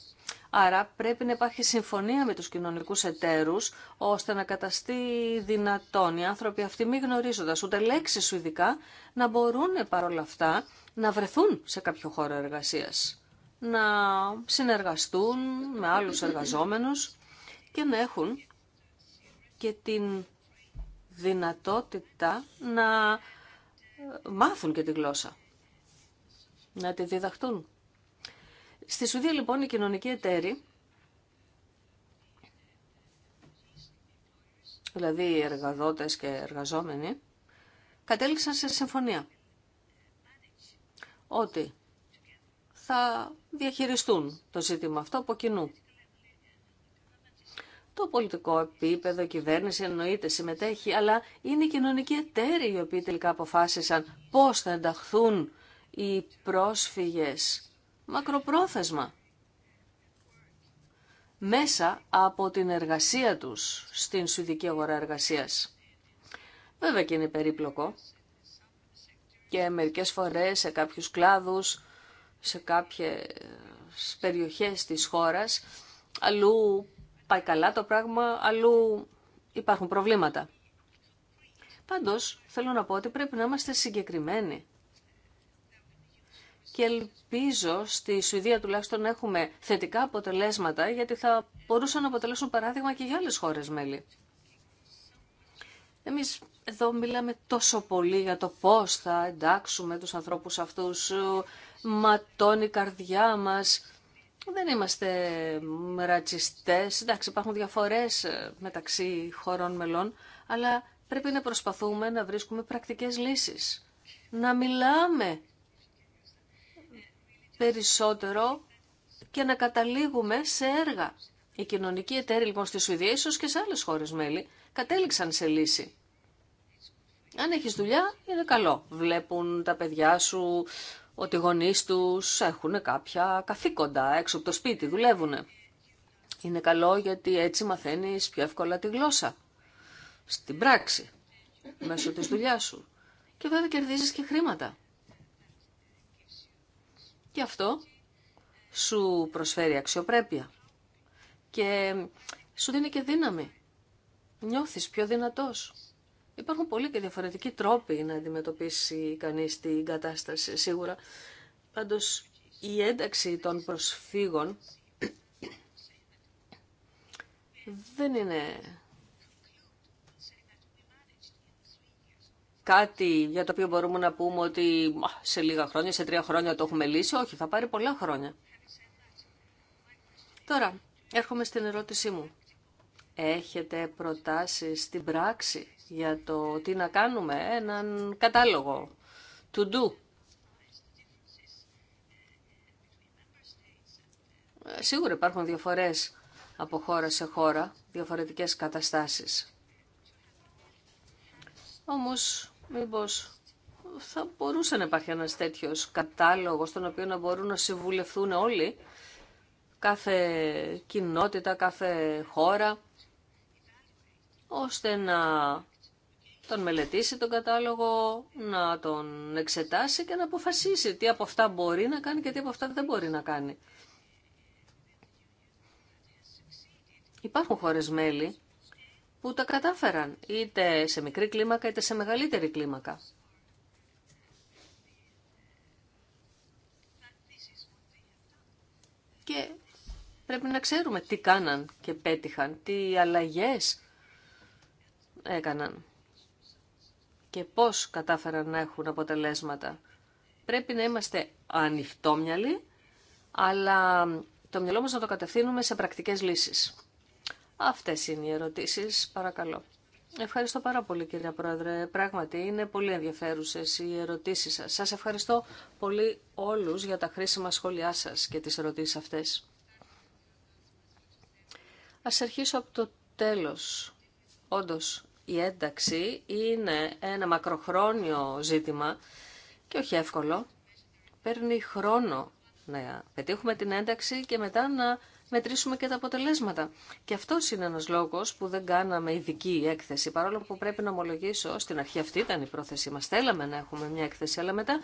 Άρα πρέπει να υπάρχει συμφωνία με τους κοινωνικούς εταίρους, ώστε να καταστεί δυνατόν οι άνθρωποι αυτοί μη γνωρίζοντας ούτε λέξεις σου ειδικά, να μπορούν παρόλα αυτά να βρεθούν σε κάποιο χώρο εργασίας, να συνεργαστούν με άλλους εργαζόμενους και να έχουν και την δυνατότητα να μάθουν και τη γλώσσα, να τη διδαχτούν. Στη Σουδία λοιπόν οι κοινωνικοί εταίροι, δηλαδή οι εργαδότες και εργαζόμενοι, κατέληξαν σε συμφωνία ότι θα διαχειριστούν το ζήτημα αυτό από κοινού. Το πολιτικό επίπεδο, η κυβέρνηση εννοείται συμμετέχει, αλλά είναι οι κοινωνικοί εταίροι οι οποίοι τελικά αποφάσισαν πώς θα ενταχθούν οι πρόσφυγες μακροπρόθεσμα μέσα από την εργασία τους στην Σουηδική Αγορά Εργασίας. Βέβαια και είναι περίπλοκο και μερικές φορές σε κάποιους κλάδους, σε κάποιες περιοχές της χώρας, αλλού πάει καλά το πράγμα, αλλού υπάρχουν προβλήματα. Πάντως θέλω να πω ότι πρέπει να είμαστε συγκεκριμένοι και ελπίζω στη Σουηδία τουλάχιστον να έχουμε θετικά αποτελέσματα γιατί θα μπορούσαν να αποτελέσουν παράδειγμα και για άλλες χώρες μέλη. Εμείς εδώ μιλάμε τόσο πολύ για το πώς θα εντάξουμε τους ανθρώπους αυτούς, ματώνει η καρδιά μας. Δεν είμαστε ρατσιστές, εντάξει υπάρχουν διαφορές ε, μεταξύ χωρών μελών, αλλά πρέπει να προσπαθούμε να βρίσκουμε πρακτικές λύσεις. Να μιλάμε περισσότερο και να καταλήγουμε σε έργα. Οι κοινωνικοί εταίροι λοιπόν στη Σουηδία, ίσω και σε άλλε χώρε μέλη, κατέληξαν σε λύση. Αν έχει δουλειά, είναι καλό. Βλέπουν τα παιδιά σου, ότι οι γονεί του έχουν κάποια καθήκοντα έξω από το σπίτι, δουλεύουν. Είναι καλό γιατί έτσι μαθαίνει πιο εύκολα τη γλώσσα. Στην πράξη, μέσω τη δουλειά σου. Και βέβαια κερδίζει και χρήματα. Και αυτό σου προσφέρει αξιοπρέπεια και σου δίνει και δύναμη. Νιώθεις πιο δυνατός. Υπάρχουν πολλοί και διαφορετικοί τρόποι να αντιμετωπίσει κανείς την κατάσταση σίγουρα. Πάντως η ένταξη των προσφύγων δεν είναι κάτι για το οποίο μπορούμε να πούμε ότι σε λίγα χρόνια, σε τρία χρόνια το έχουμε λύσει. Όχι, θα πάρει πολλά χρόνια. Τώρα, έρχομαι στην ερώτησή μου. Έχετε προτάσεις στην πράξη για το τι να κάνουμε, έναν κατάλογο to do. Ε, σίγουρα υπάρχουν διαφορές από χώρα σε χώρα, διαφορετικές καταστάσεις. Όμως Μήπως θα μπορούσε να υπάρχει ένας τέτοιος κατάλογος στον οποίο να μπορούν να συμβουλευτούν όλοι, κάθε κοινότητα, κάθε χώρα, ώστε να τον μελετήσει τον κατάλογο, να τον εξετάσει και να αποφασίσει τι από αυτά μπορεί να κάνει και τι από αυτά δεν μπορεί να κάνει. Υπάρχουν χώρες μέλη που τα κατάφεραν, είτε σε μικρή κλίμακα είτε σε μεγαλύτερη κλίμακα. Και πρέπει να ξέρουμε τι κάναν και πέτυχαν, τι αλλαγές έκαναν και πώς κατάφεραν να έχουν αποτελέσματα. Πρέπει να είμαστε ανοιχτόμυαλοι, αλλά το μυαλό μας να το κατευθύνουμε σε πρακτικές λύσεις. Αυτές είναι οι ερωτήσεις. Παρακαλώ. Ευχαριστώ πάρα πολύ κύριε Πρόεδρε. Πράγματι είναι πολύ ενδιαφέρουσες οι ερωτήσεις σας. Σας ευχαριστώ πολύ όλους για τα χρήσιμα σχόλιά σας και τις ερωτήσεις αυτές. Ας αρχίσω από το τέλος. Όντως, η ένταξη είναι ένα μακροχρόνιο ζήτημα και όχι εύκολο. Παίρνει χρόνο να πετύχουμε την ένταξη και μετά να μετρήσουμε και τα αποτελέσματα. Και αυτό είναι ένα λόγο που δεν κάναμε ειδική έκθεση, παρόλο που πρέπει να ομολογήσω, στην αρχή αυτή ήταν η πρόθεσή μα. θέλαμε να έχουμε μια έκθεση, αλλά μετά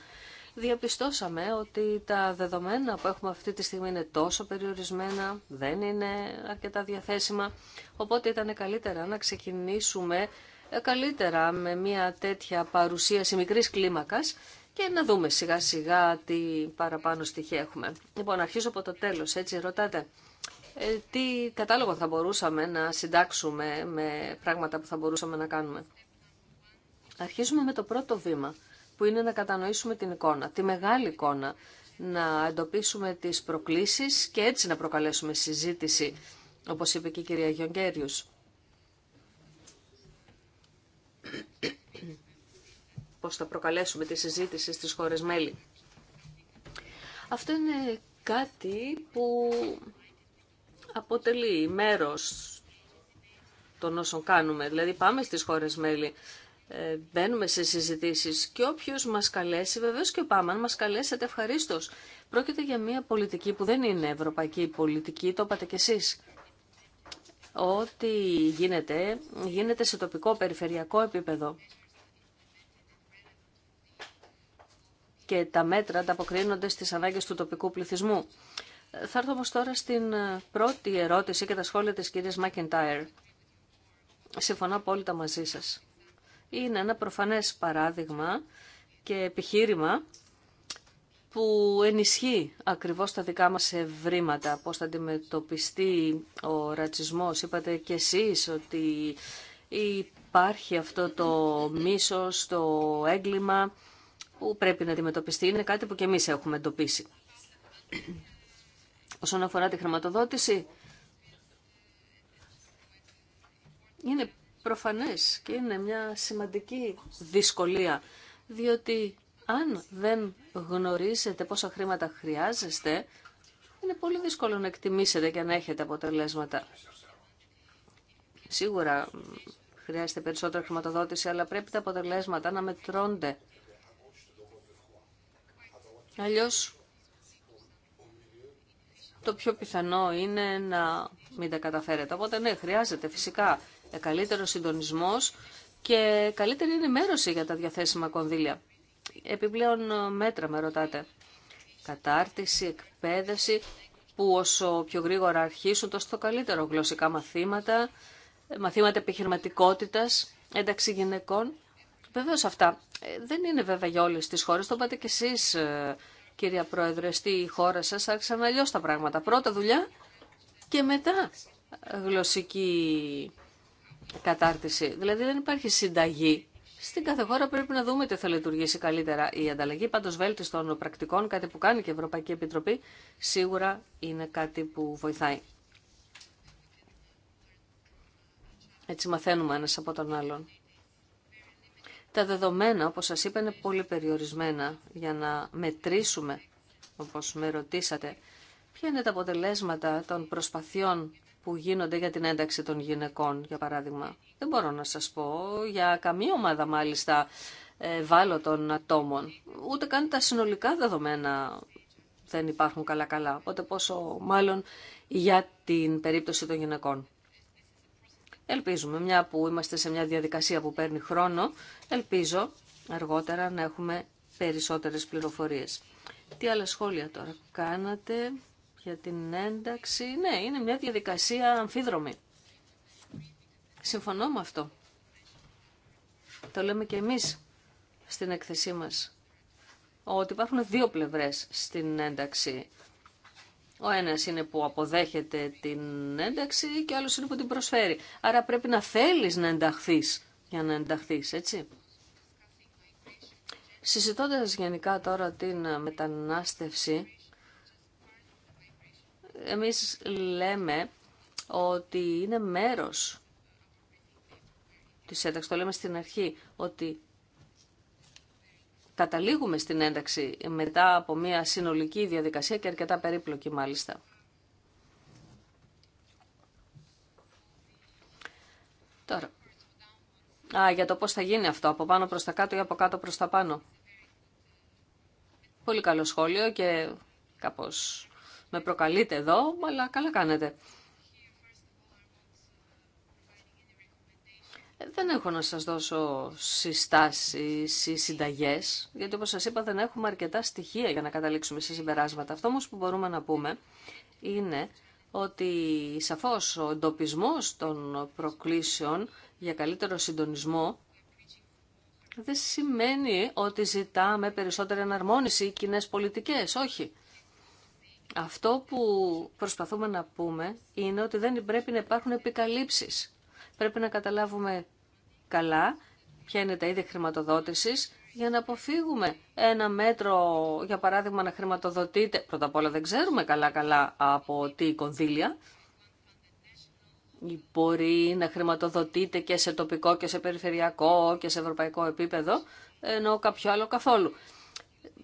διαπιστώσαμε ότι τα δεδομένα που έχουμε αυτή τη στιγμή είναι τόσο περιορισμένα, δεν είναι αρκετά διαθέσιμα, οπότε ήταν καλύτερα να ξεκινήσουμε ε, καλύτερα με μια τέτοια παρουσίαση μικρής κλίμακας και να δούμε σιγά σιγά τι παραπάνω στοιχεία έχουμε. Λοιπόν, αρχίζω από το τέλος, έτσι ρωτάτε. Ε, τι κατάλογο θα μπορούσαμε να συντάξουμε με πράγματα που θα μπορούσαμε να κάνουμε. Αρχίζουμε με το πρώτο βήμα, που είναι να κατανοήσουμε την εικόνα, τη μεγάλη εικόνα, να εντοπίσουμε τις προκλήσεις και έτσι να προκαλέσουμε συζήτηση, όπως είπε και η κυρία Γιονγκέριους. Πώς θα προκαλέσουμε τη συζήτηση στις χώρες μέλη. Αυτό είναι κάτι που αποτελεί μέρος των όσων κάνουμε. Δηλαδή πάμε στις χώρες μέλη, ε, μπαίνουμε σε συζητήσεις και όποιος μας καλέσει, βεβαίως και πάμε, αν μας καλέσετε ευχαρίστω. Πρόκειται για μια πολιτική που δεν είναι ευρωπαϊκή πολιτική, το είπατε κι εσείς. Ό,τι γίνεται, γίνεται σε τοπικό περιφερειακό επίπεδο. Και τα μέτρα αποκρίνονται στις ανάγκες του τοπικού πληθυσμού. Θα έρθω όμως τώρα στην ε, πρώτη ερώτηση και τα σχόλια της κυρίας Μακεντάιρ. Συμφωνώ απόλυτα μαζί σας. Είναι ένα προφανές παράδειγμα και επιχείρημα που ενισχύει ακριβώς τα δικά μας ευρήματα, πώς θα αντιμετωπιστεί ο ρατσισμός. Είπατε κι εσείς ότι υπάρχει αυτό το μίσος, το έγκλημα που πρέπει να αντιμετωπιστεί. Είναι κάτι που κι εμείς έχουμε εντοπίσει. Όσον αφορά τη χρηματοδότηση, είναι προφανές και είναι μια σημαντική δυσκολία, διότι αν δεν γνωρίζετε πόσα χρήματα χρειάζεστε, είναι πολύ δύσκολο να εκτιμήσετε και να έχετε αποτελέσματα. Σίγουρα χρειάζεται περισσότερη χρηματοδότηση, αλλά πρέπει τα αποτελέσματα να μετρώνται. Αλλιώς το πιο πιθανό είναι να μην τα καταφέρετε. Οπότε ναι, χρειάζεται φυσικά ε, καλύτερο συντονισμός και καλύτερη ενημέρωση για τα διαθέσιμα κονδύλια. Επιπλέον ε, μέτρα με ρωτάτε. Κατάρτιση, εκπαίδευση, που όσο πιο γρήγορα αρχίσουν, τόσο το καλύτερο. Γλωσσικά μαθήματα, ε, μαθήματα επιχειρηματικότητας, ένταξη γυναικών. Βεβαίω αυτά δεν είναι βέβαια για όλε τι χώρε. Το είπατε κι εσεί κυρία Πρόεδρε, στη χώρα σας άρχισαν αλλιώ τα πράγματα. Πρώτα δουλειά και μετά γλωσσική κατάρτιση. Δηλαδή δεν υπάρχει συνταγή. Στην κάθε χώρα πρέπει να δούμε τι θα λειτουργήσει καλύτερα. Η ανταλλαγή πάντως βέλτιστων πρακτικών, κάτι που κάνει και η Ευρωπαϊκή Επιτροπή, σίγουρα είναι κάτι που βοηθάει. Έτσι μαθαίνουμε ένας από τον άλλον. Τα δεδομένα, όπως σας είπα, είναι πολύ περιορισμένα για να μετρήσουμε, όπως με ρωτήσατε, ποια είναι τα αποτελέσματα των προσπαθειών που γίνονται για την ένταξη των γυναικών, για παράδειγμα. Δεν μπορώ να σας πω για καμία ομάδα μάλιστα ε, βάλω των ατόμων. Ούτε καν τα συνολικά δεδομένα δεν υπάρχουν καλά-καλά. Οπότε πόσο μάλλον για την περίπτωση των γυναικών. Ελπίζουμε, μια που είμαστε σε μια διαδικασία που παίρνει χρόνο, ελπίζω αργότερα να έχουμε περισσότερες πληροφορίες. Τι άλλα σχόλια τώρα κάνατε για την ένταξη. Ναι, είναι μια διαδικασία αμφίδρομη. Συμφωνώ με αυτό. Το λέμε και εμείς στην εκθεσή μας. Ότι υπάρχουν δύο πλευρές στην ένταξη. Ο ένα είναι που αποδέχεται την ένταξη και ο άλλο είναι που την προσφέρει. Άρα πρέπει να θέλεις να ενταχθείς για να ενταχθείς, έτσι. Συζητώντα γενικά τώρα την μετανάστευση, εμείς λέμε ότι είναι μέρος της ένταξης, το λέμε στην αρχή, ότι καταλήγουμε στην ένταξη μετά από μια συνολική διαδικασία και αρκετά περίπλοκη μάλιστα. Τώρα. Α, για το πώς θα γίνει αυτό, από πάνω προς τα κάτω ή από κάτω προς τα πάνω. Πολύ καλό σχόλιο και κάπως με προκαλείτε εδώ, αλλά καλά κάνετε. Δεν έχω να σας δώσω συστάσεις ή συνταγές, γιατί όπως σας είπα δεν έχουμε αρκετά στοιχεία για να καταλήξουμε σε συμπεράσματα. Αυτό όμως που μπορούμε να πούμε είναι ότι σαφώς ο εντοπισμός των προκλήσεων για καλύτερο συντονισμό δεν σημαίνει ότι ζητάμε περισσότερη εναρμόνιση ή κοινέ πολιτικές, όχι. Αυτό που προσπαθούμε να πούμε είναι ότι δεν πρέπει να υπάρχουν επικαλύψεις Πρέπει να καταλάβουμε καλά ποια είναι τα είδη χρηματοδότησης για να αποφύγουμε ένα μέτρο, για παράδειγμα, να χρηματοδοτείται, πρώτα απ' όλα δεν ξέρουμε καλά-καλά από τι κονδύλια, μπορεί να χρηματοδοτείται και σε τοπικό και σε περιφερειακό και σε ευρωπαϊκό επίπεδο, ενώ κάποιο άλλο καθόλου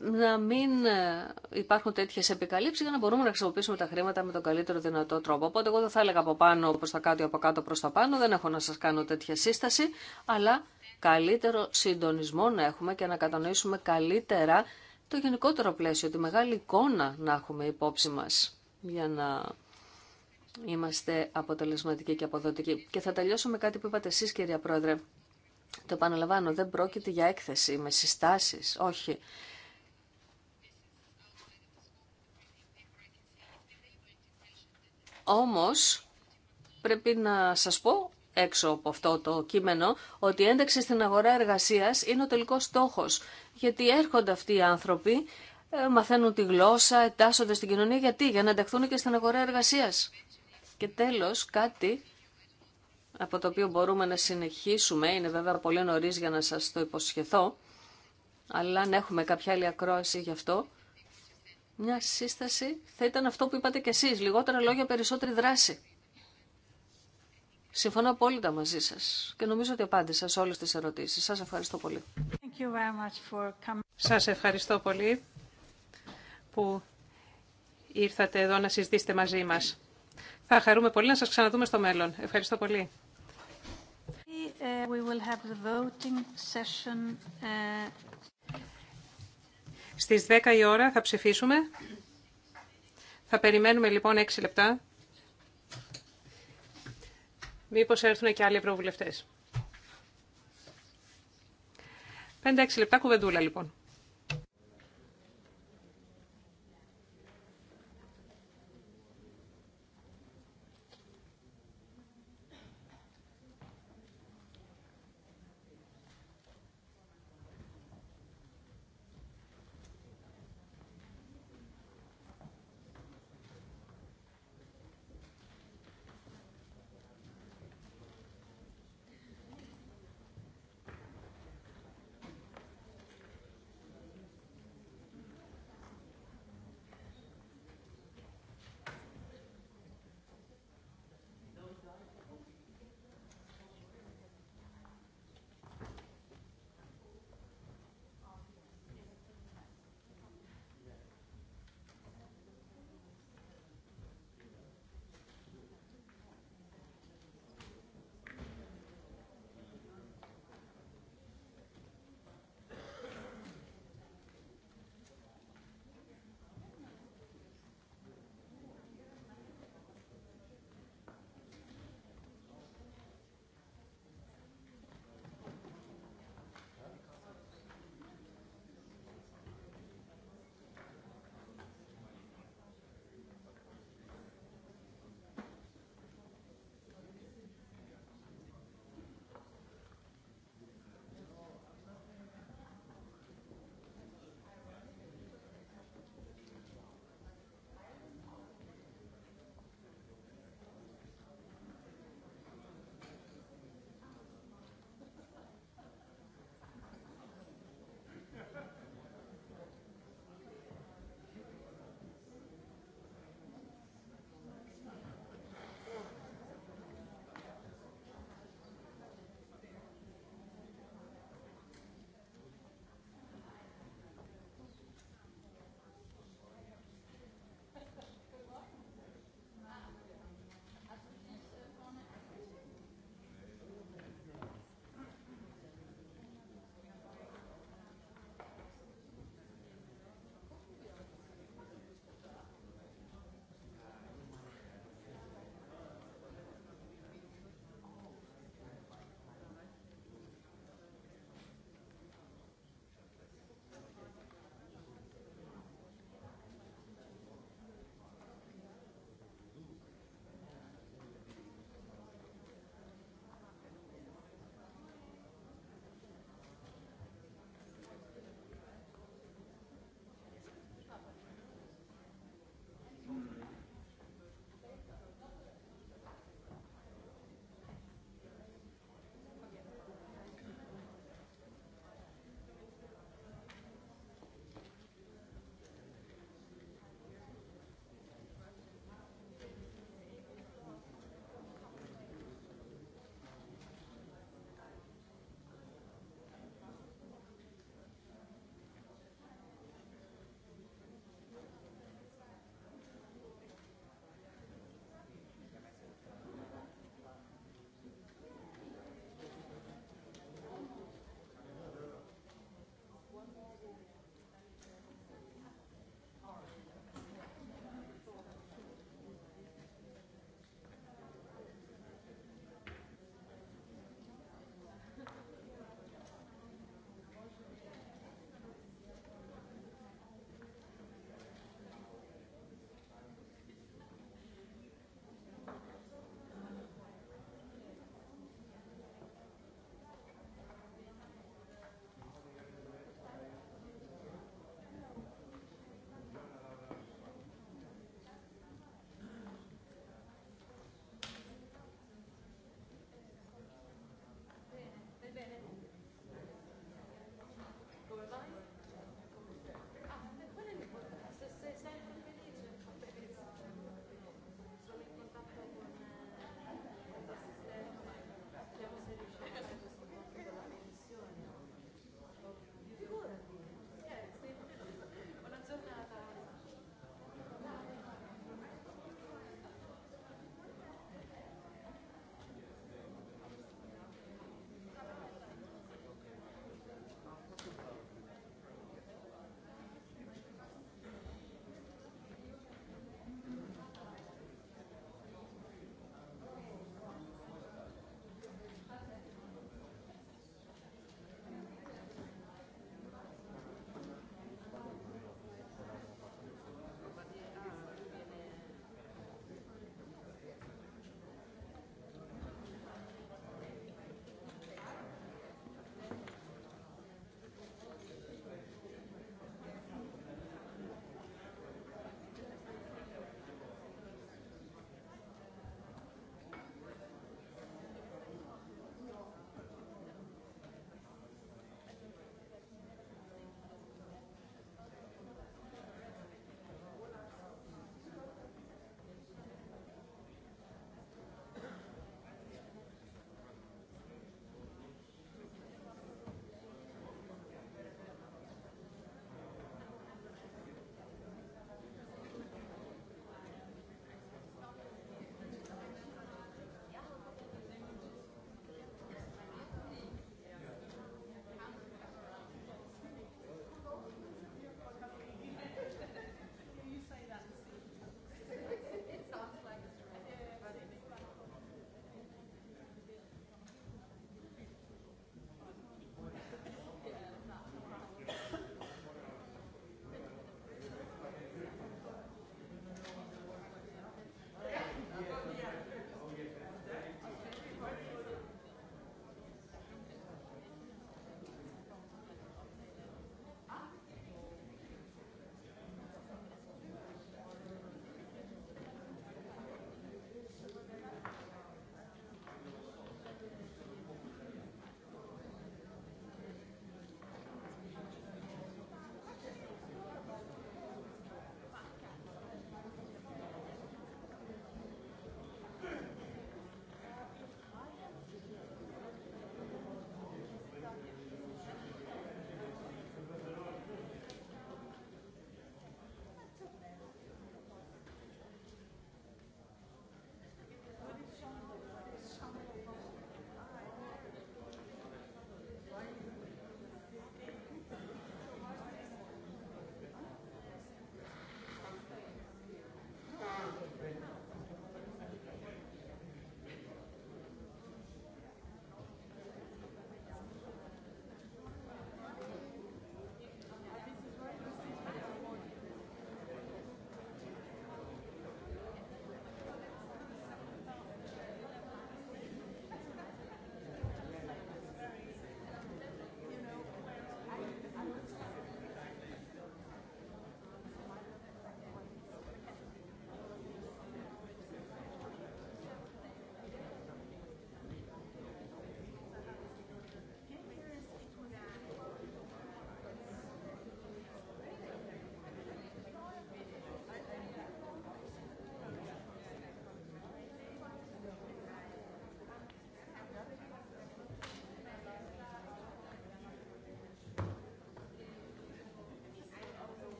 να μην ε, υπάρχουν τέτοιε επικαλύψει για να μπορούμε να χρησιμοποιήσουμε τα χρήματα με τον καλύτερο δυνατό τρόπο. Οπότε, εγώ δεν θα έλεγα από πάνω προ τα κάτω ή από κάτω προ τα πάνω. Δεν έχω να σα κάνω τέτοια σύσταση, αλλά καλύτερο συντονισμό να έχουμε και να κατανοήσουμε καλύτερα το γενικότερο πλαίσιο, τη μεγάλη εικόνα να έχουμε υπόψη μα για να είμαστε αποτελεσματικοί και αποδοτικοί. Και θα τελειώσω με κάτι που είπατε εσεί, κυρία Πρόεδρε. Το επαναλαμβάνω, δεν πρόκειται για έκθεση με συστάσει, όχι. Όμως πρέπει να σας πω έξω από αυτό το κείμενο ότι η ένταξη στην αγορά εργασίας είναι ο τελικός στόχος. Γιατί έρχονται αυτοί οι άνθρωποι, ε, μαθαίνουν τη γλώσσα, ετάσσονται στην κοινωνία. Γιατί, για να ενταχθούν και στην αγορά εργασίας. Και τέλος κάτι από το οποίο μπορούμε να συνεχίσουμε, είναι βέβαια πολύ νωρίς για να σας το υποσχεθώ, αλλά αν έχουμε κάποια άλλη ακρόαση γι' αυτό, μια σύσταση θα ήταν αυτό που είπατε κι εσείς, λιγότερα λόγια, περισσότερη δράση. Συμφωνώ απόλυτα μαζί σας και νομίζω ότι απάντησα σε όλες τις ερωτήσεις. Σας ευχαριστώ πολύ. Thank Σας ευχαριστώ πολύ που ήρθατε εδώ να συζητήσετε μαζί μας. Θα χαρούμε πολύ να σας ξαναδούμε στο μέλλον. Ευχαριστώ πολύ. Uh, uh, στις 10 η ώρα θα ψηφίσουμε. Θα περιμένουμε λοιπόν 6 λεπτά. Μήπως έρθουν και άλλοι ευρωβουλευτές. 5-6 λεπτά κουβεντούλα λοιπόν.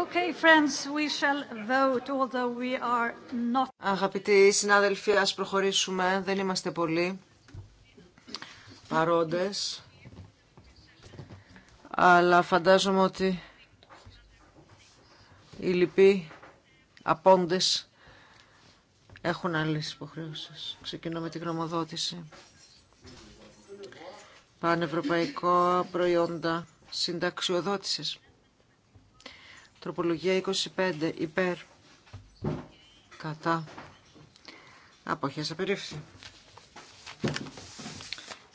Okay, we shall vote, we are not... Αγαπητοί συνάδελφοι, ας προχωρήσουμε. Δεν είμαστε πολλοί παρόντες. Αλλά φαντάζομαι ότι οι λοιποί απόντες έχουν άλλες υποχρεώσεις. Ξεκινώ με την γνωμοδότηση. Πανευρωπαϊκό προϊόντα συνταξιοδότησης. Τροπολογία 25 υπέρ κατά αποχές απερίφθη.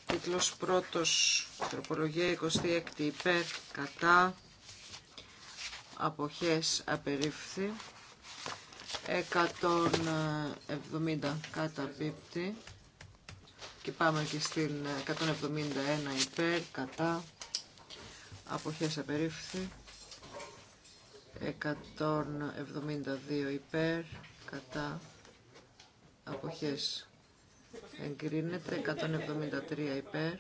Τίτλος πρώτος τροπολογία 26 υπέρ κατά αποχές απερίφθη. 170 κατά πίπτη και πάμε και στην 171 υπέρ κατά αποχές απερίφθη 172 υπέρ, κατά αποχές εγκρίνεται, 173 υπέρ,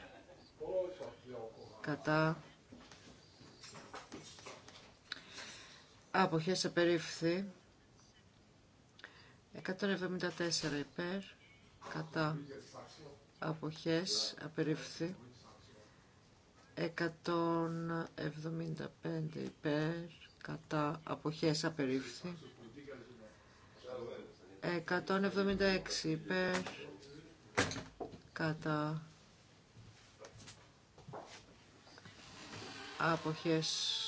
κατά αποχές απερίφθη, 174 υπέρ, κατά αποχές απερίφθη, 175 υπέρ, κατά αποχές απερίφθη 176 υπέρ κατά αποχές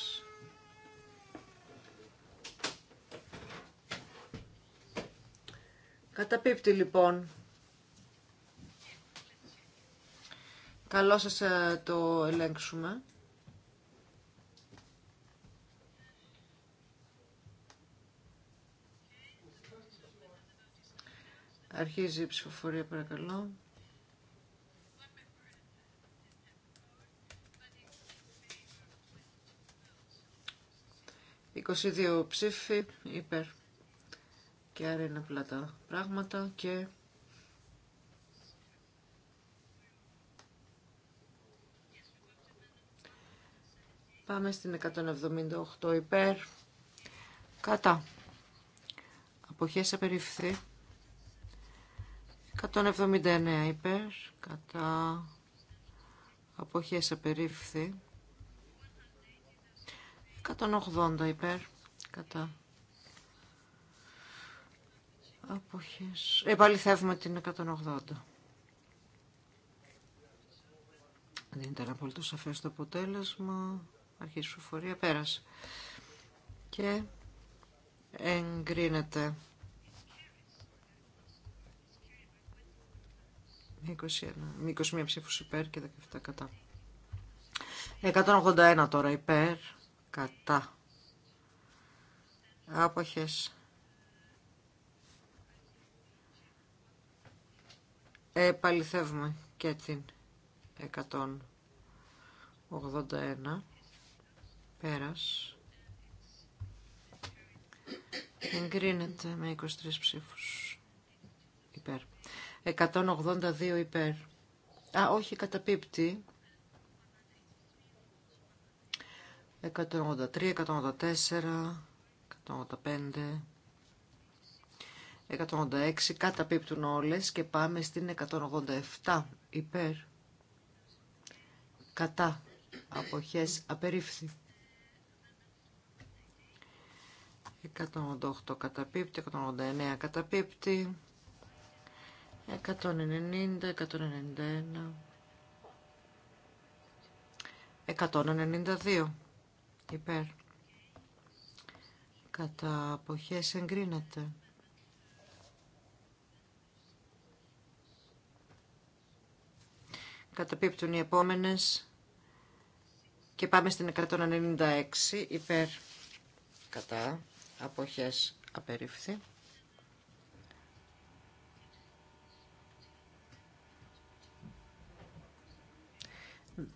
Καταπίπτει λοιπόν. Καλό σας ε, το ελέγξουμε. Αρχίζει η ψηφοφορία παρακαλώ. «22 ψήφοι υπέρ» και άρα είναι απλά τα πράγματα και Πάμε στην 178 υπέρ. Κατά. Αποχές απεριφθή. 179 υπέρ, κατά αποχές απερίφθη. 180 υπέρ, κατά αποχές. Επαληθεύουμε την 180. Δεν ήταν απολύτως σαφές το αποτέλεσμα. Αρχή φορεία, πέρασε. Και εγκρίνεται 21, 21 ψήφους υπέρ και 17 κατά. 181 τώρα υπέρ, κατά. Άποχες. Επαληθεύουμε και την 181. Πέρας. Εγκρίνεται με 23 ψήφους υπέρ. 182 υπέρ. Α, όχι, καταπίπτει. 183, 184, 185, 186 καταπίπτουν όλες και πάμε στην 187 υπέρ. Κατά. Αποχές απερίφθη. 188 καταπίπτει, 189 καταπίπτει. 190, 191, 192 υπέρ. Κατά αποχές εγκρίνεται. Καταπίπτουν οι επόμενες και πάμε στην 196 υπέρ κατά αποχές απερίφθη.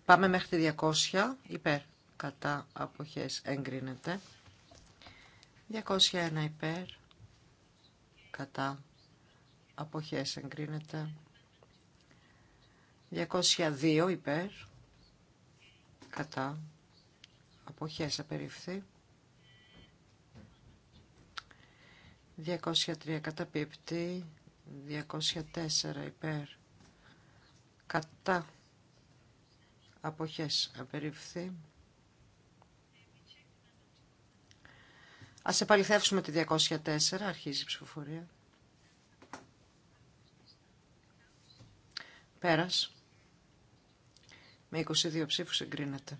Πάμε μέχρι τη 200 υπέρ κατά αποχές εγκρίνεται. 201 υπέρ κατά αποχές εγκρίνεται. 202 υπέρ κατά αποχές απεριφθεί. 203 καταπίπτει. 204 υπέρ κατά αποχές απερίφθη. Ας επαληθεύσουμε τη 204, αρχίζει η ψηφοφορία. Πέρας. Με 22 ψήφους εγκρίνεται.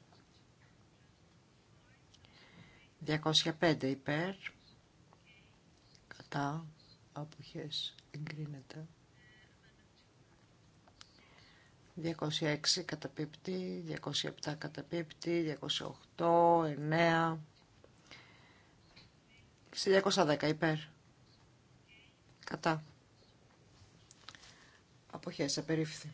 205 υπέρ. Κατά. Αποχές εγκρίνεται. 206 καταπίπτει, 207 καταπίπτει, 208, 9. Στη 210 υπέρ. Κατά. Αποχές, απερίφθη.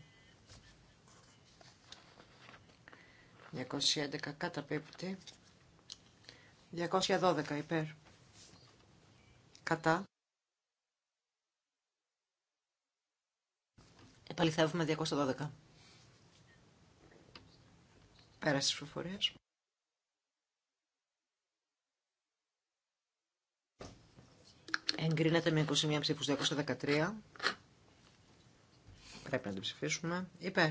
211 καταπίπτει. 212 υπέρ. Κατά. Επαληθεύουμε 212. Πέρας στις ψηφοφορίας. Εγκρίνεται με 21 ψήφους 213. Πρέπει να την ψηφίσουμε. Υπέρ.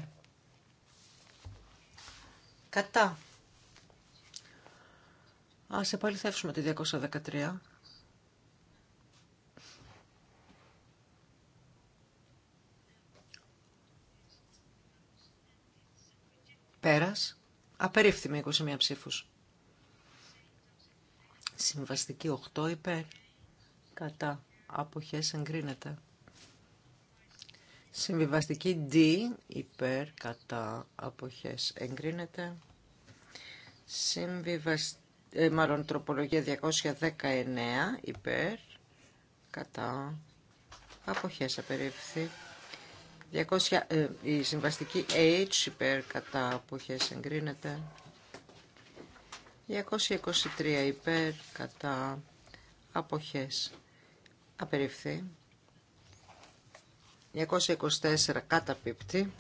Κατά. Ας επαληθεύσουμε τη 213. Πέρας. Απερίφθη με 21 ψήφους. Συμβαστική 8 υπέρ. Κατά. Αποχές εγκρίνεται. Συμβιβαστική D υπέρ κατά αποχές εγκρίνεται. Συμβιβαστική Ε, μάλλον τροπολογία 219 υπέρ κατά αποχές απερίφθη. 200, ε, η συμβαστική H υπέρ κατά αποχές εγκρίνεται. 223 υπέρ κατά αποχές απεριφθεί. 224 καταπίπτει.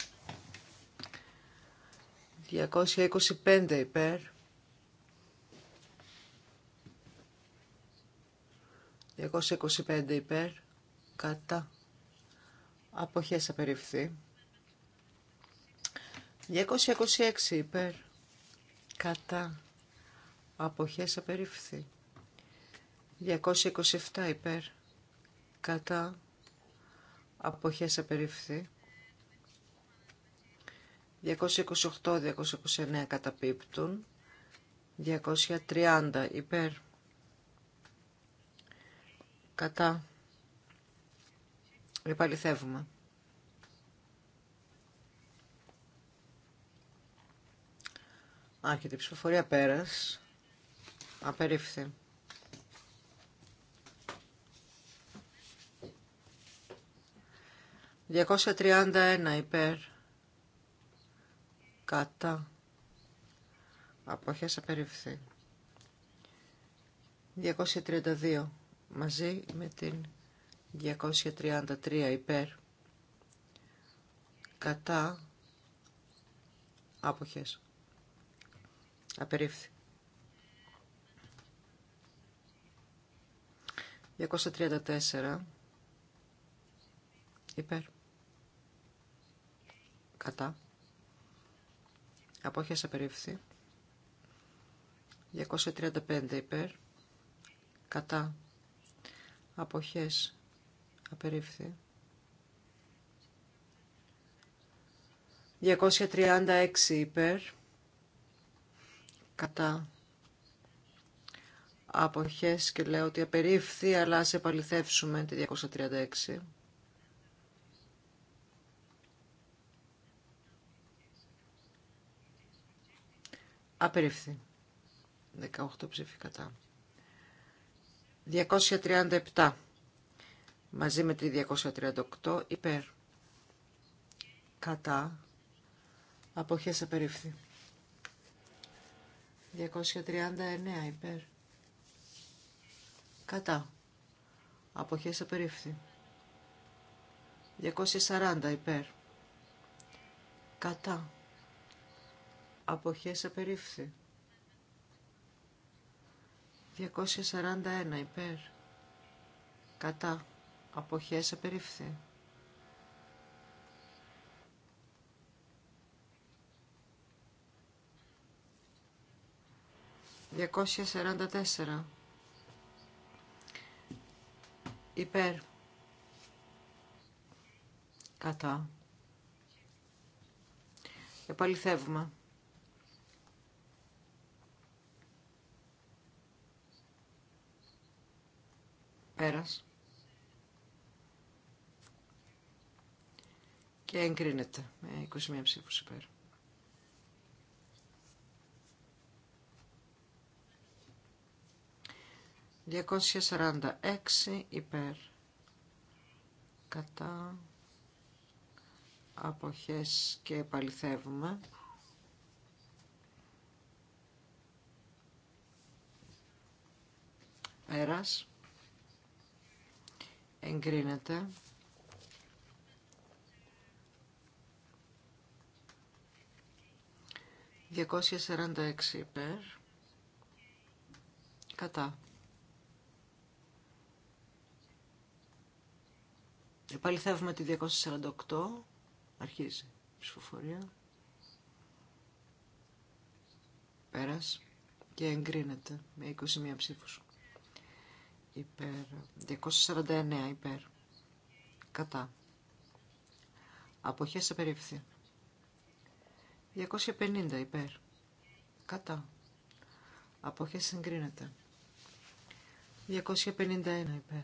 225 υπέρ. 225 υπέρ κατά Αποχές απεριφθεί. 226 υπέρ. Κατά. Αποχές απεριφθεί. 227 υπέρ. Κατά. Αποχές απεριφθεί. 228-229 καταπίπτουν. 230 υπέρ. Κατά. Επαληθεύουμε. Άρχεται η ψηφοφορία πέρας. Απερίφθη. 231 ένα υπέρ. Κατά. Αποχές απερίφθη. 232 μαζί με την 233 υπέρ κατά άποχες απερίφθη 234 υπέρ κατά απόχες απερίφθη 235 υπέρ κατά αποχές Απερίφθη. 236 υπέρ. Κατά. Αποχές και λέω ότι απερίφθη, αλλά ας επαληθεύσουμε τη 236. Απερίφθη. 18 ψήφι κατά. 237 μαζί με τη 238 υπέρ. Κατά. Αποχές απερίφθη. 239 υπέρ. Κατά. Αποχές απερίφθη. 240 υπέρ. Κατά. Αποχές απερίφθη. 241 υπέρ. Κατά αποχές απερίφθη. Διακόσια σαράντα τέσσερα. Υπέρ. Κατά. Επαληθεύουμε. Πέρας. και εγκρίνεται με 21 ψήφους υπέρ. ...246 υπέρ κατά αποχές και επαληθεύουμε. Πέρας. Εγκρίνεται. 246 υπέρ. Κατά. Επαληθεύουμε τη 248. Αρχίζει η ψηφοφορία. Πέρας. Και εγκρίνεται με 21 ψήφους. Υπέρ. 249 υπέρ. Κατά. Αποχές απερίφθη. 250 υπέρ. Κατά. Αποχές συγκρίνεται. 251 υπέρ.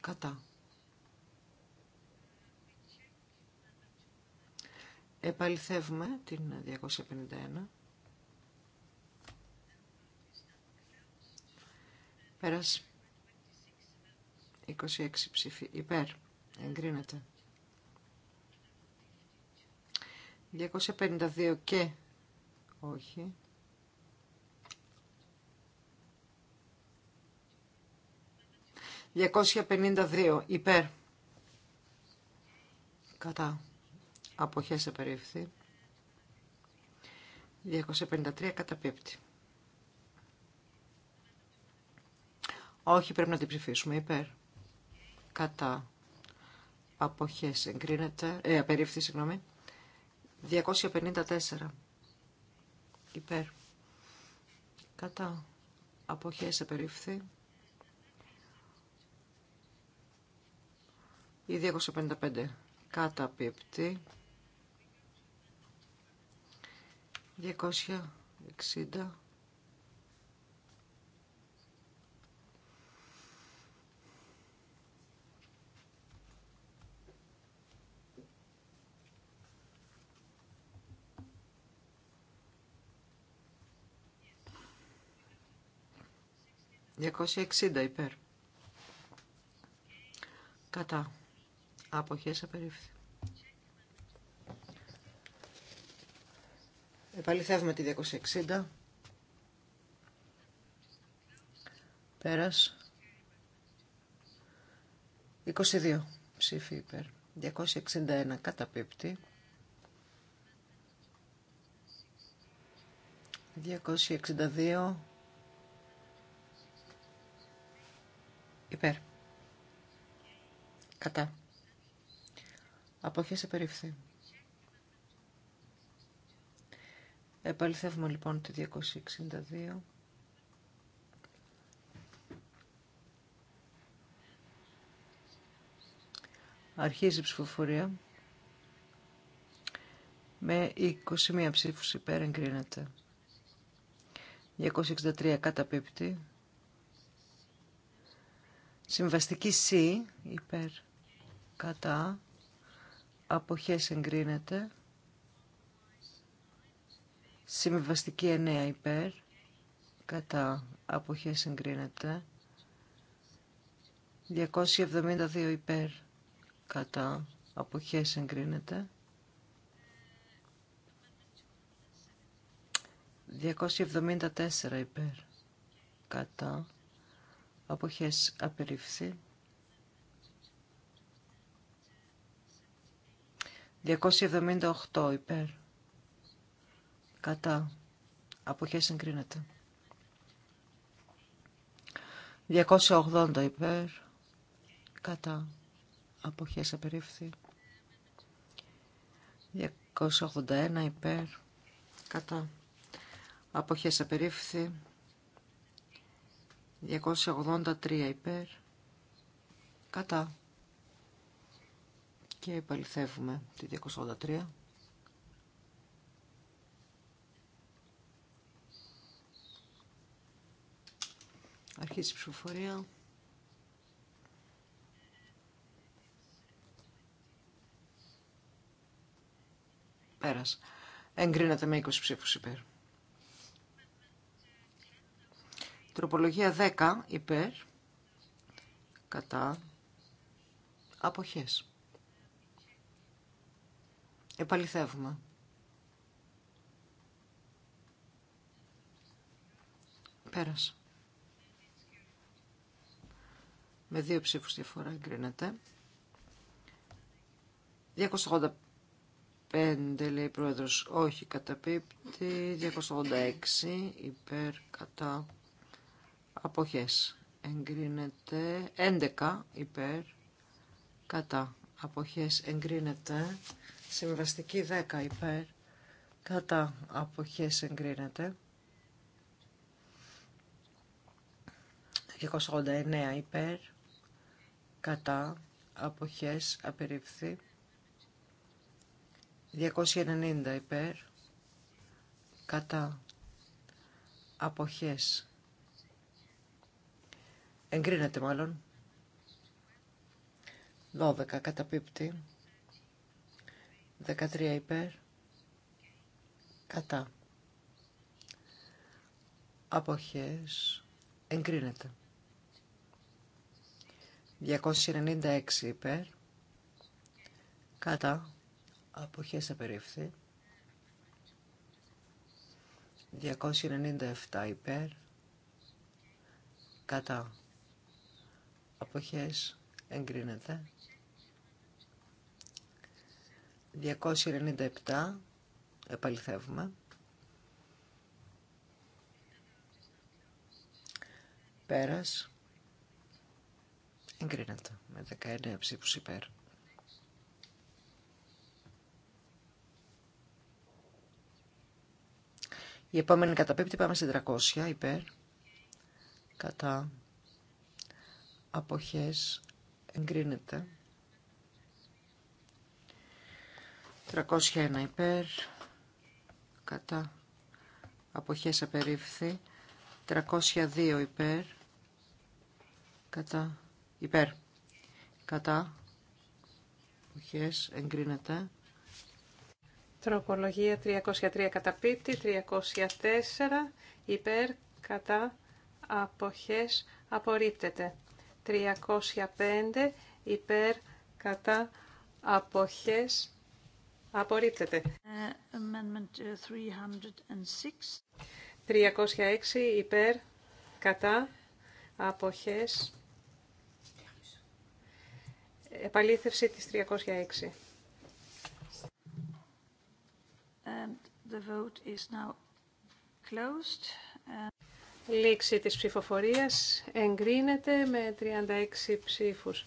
Κατά. Επαληθεύουμε την 251. Πέρας 26 ψήφι υπέρ. Εγκρίνεται. 252 και όχι. «252 υπέρ» κατά αποχές απερίφθη. 253 καταπίπτει. Όχι, πρέπει να την ψηφίσουμε υπέρ. Κατά αποχές εγκρίνεται, ε, απερίφθη, συγγνώμη. 254 υπέρ κατά αποχές επερίφθη ή 255 κατά πιεπτή 260 260 υπέρ. Κατά. Αποχές απερίφθη. Επαληθεύουμε τη 260. Πέρας. 22 ψήφι υπέρ. 261 καταπίπτει. 262 Υπέρ. Κατά. Αποχές περίφθει. Επαληθεύουμε λοιπόν τη 262. Αρχίζει η ψηφοφορία. Με 21 ψήφους υπέρ εγκρίνεται. 263 καταπίπτει. Συμβαστική C υπέρ κατά αποχές εγκρίνεται. Συμβαστική 9 υπέρ κατά αποχές εγκρίνεται. 272 υπέρ κατά αποχές εγκρίνεται. 274 υπέρ κατά αποχές απερίφθη. 278 υπέρ. Κατά. Αποχές εγκρίνεται. 280 υπέρ. Κατά. Αποχές απερίφθη. 281 υπέρ. Κατά. Αποχές απερίφθη. 283 υπέρ. Κατά. Και επαληθεύουμε τη 283. Αρχίζει η ψηφοφορία. Πέρασε Εγκρίνεται με 20 ψήφους υπέρ. Τροπολογία 10 υπέρ κατά αποχές. Επαληθεύουμε. Πέρασε. Με δύο ψήφους διαφορά εγκρίνεται. 285 λέει πρόεδρος, όχι καταπίπτει. 286 υπέρ κατά αποχές εγκρίνεται 11 υπέρ κατά αποχές εγκρίνεται συμβαστική 10 υπέρ κατά αποχές εγκρίνεται 289 υπέρ κατά αποχές απεριφθεί 290 υπέρ κατά αποχές Εγκρίνεται μάλλον. 12 καταπίπτει. 13 υπέρ. Κατά. Αποχές. Εγκρίνεται. 296 υπέρ. Κατά. Αποχές απερίφθη. 297 υπέρ. Κατά αποχές εγκρίνεται 297 επαληθεύουμε πέρας εγκρίνεται με 19 ψήφους υπέρ η επόμενη καταπίπτει πάμε στην 300 υπέρ κατά αποχές εγκρίνεται 301 υπέρ κατά αποχές απερίφθη 302 υπέρ κατά υπέρ κατά αποχές εγκρίνεται Τροπολογία 303 καταπίπτει, 304 υπέρ κατά αποχές απορρίπτεται. 305 υπέρ κατά αποχές απορρίπτεται. Ε, amendment 306. Ε, 306 υπέρ κατά αποχές επαλήθευση της 306. And the vote is now closed. Λήξη της ψηφοφορίας εγκρίνεται με 36 ψήφους.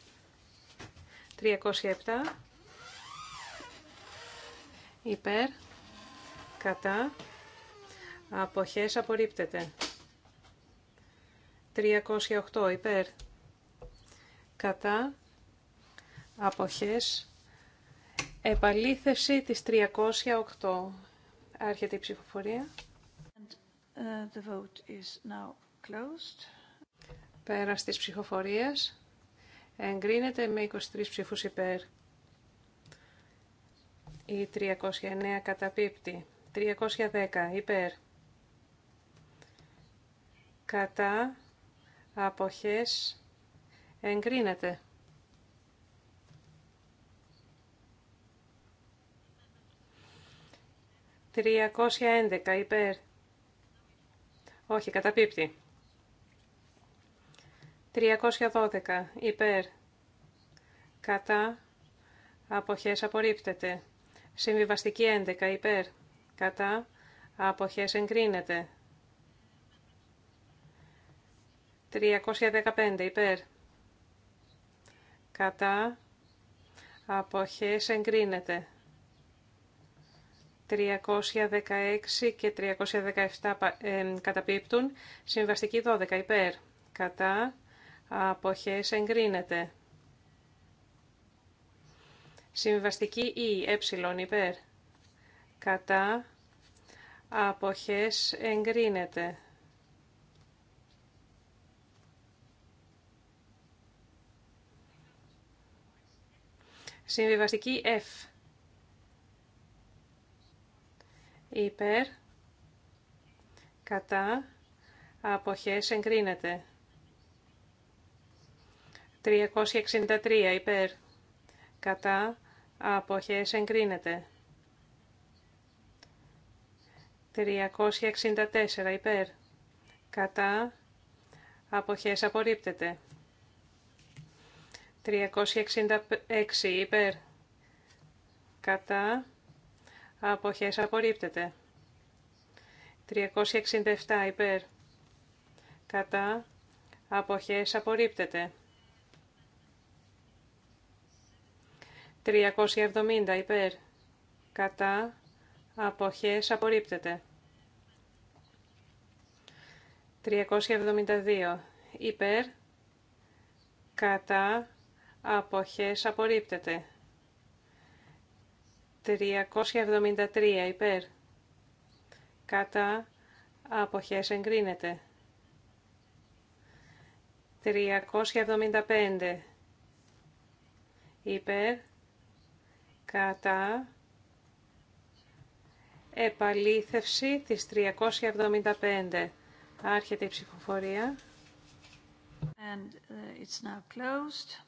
307 υπέρ, κατά, αποχές απορρίπτεται. 308 υπέρ, κατά, αποχές, επαλήθευση της 308. Άρχεται η ψηφοφορία. Ε, the vote is now closed. πέρα εγκρίνεται με 23 ψήφους υπέρ. Η 309 καταπίπτει. 310 υπέρ. Κατά αποχές εγκρίνεται. 311 υπέρ. Όχι, καταπίπτει. 312 υπέρ. Κατά. Αποχές απορρίπτεται. Συμβιβαστική 11 υπέρ. Κατά. Αποχές εγκρίνεται. 315 υπέρ. Κατά. Αποχές εγκρίνεται. 316 και 317 ε, καταπίπτουν. Συμβαστική 12 υπέρ. Κατά αποχές εγκρίνεται. Συμβαστική ή ε υπέρ. Κατά αποχές εγκρίνεται. Συμβιβαστική F υπέρ, κατά, αποχές εγκρίνεται. 363 υπέρ, κατά, αποχές εγκρίνεται. 364 υπέρ, κατά, αποχές απορρίπτεται. 366 υπέρ, κατά, Αποχές απορρίπτεται. 367 υπέρ. Κατά. Αποχές απορρίπτεται. 370 υπέρ. Κατά. Αποχές απορρίπτεται. 372 υπέρ. Κατά. Αποχές απορρίπτεται. 373 υπέρ. Κατά αποχές εγκρίνεται. 375 υπέρ. Κατά επαλήθευση της 375. Άρχεται η ψηφοφορία. And uh, it's now closed.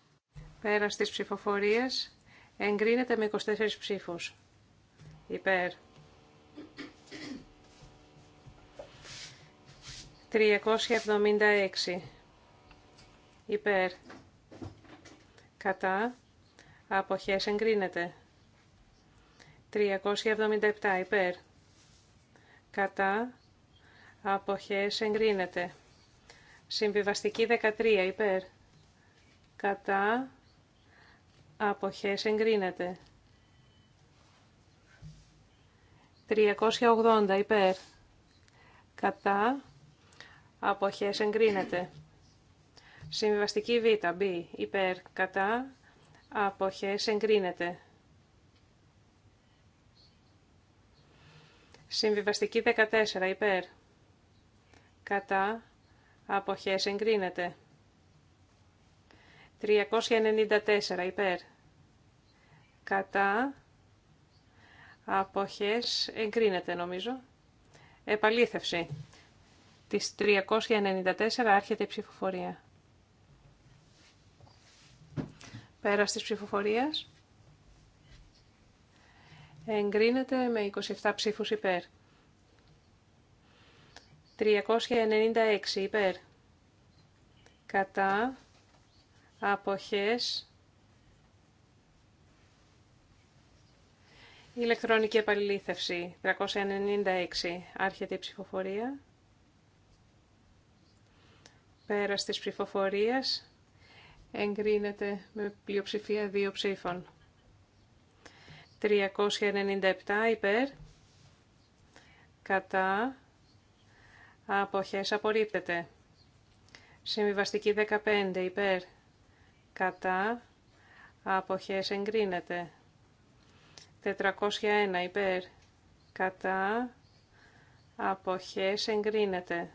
Πέρας της ψηφοφορίας Εγκρίνεται με 24 ψήφους. Υπέρ. 376. Υπέρ. Κατά. Αποχές εγκρίνεται. 377. Υπέρ. Κατά. Αποχές εγκρίνεται. Συμβιβαστική 13. Υπέρ. Κατά αποχές εγκρίνεται. 380 υπέρ. Κατά αποχές εγκρίνεται. Συμβιβαστική Β, Β, υπέρ, κατά, αποχές εγκρίνεται. Συμβιβαστική 14, υπέρ, κατά, αποχές εγκρίνεται. 394, υπέρ, κατά αποχές εγκρίνεται νομίζω. Επαλήθευση. Της 394 άρχεται η ψηφοφορία. Πέρας της ψηφοφορίας εγκρίνεται με 27 ψήφους υπέρ. 396 υπέρ. Κατά αποχές Ηλεκτρονική επαλήθευση 396. Άρχεται η ψηφοφορία. Πέρας της ψηφοφορίας εγκρίνεται με πλειοψηφία δύο ψήφων. 397 υπέρ, κατά, αποχές απορρίπτεται. Συμβιβαστική 15 υπέρ, κατά, αποχές εγκρίνεται. 401 υπέρ κατά αποχές εγκρίνεται.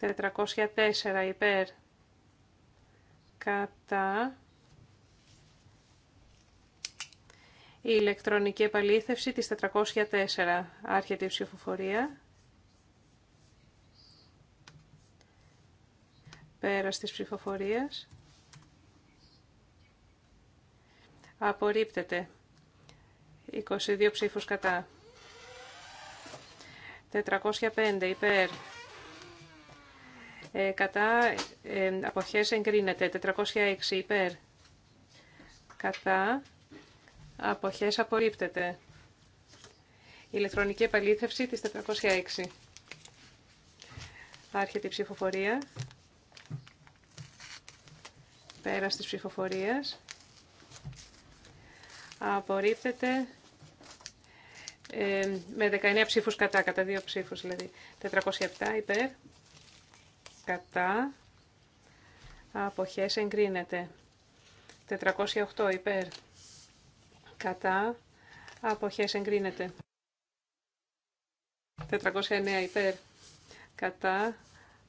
404 υπέρ κατά η ηλεκτρονική επαλήθευση της 404 άρχεται η ψηφοφορία. Πέρας της ψηφοφορίας. Απορρίπτεται. 22 ψήφους κατά. 405 υπέρ. Ε, κατά ε, αποχές εγκρίνεται. 406 υπέρ. Κατά αποχές απορρίπτεται. Ηλεκτρονική επαλήθευση της 406. Άρχεται η ψηφοφορία. Πέρας της ψηφοφορίας απορρίπτεται ε, με 19 ψήφους κατά, κατά δύο ψήφους δηλαδή. 407 υπέρ, κατά, αποχές εγκρίνεται. 408 υπέρ, κατά, αποχές εγκρίνεται. 409 υπέρ, κατά,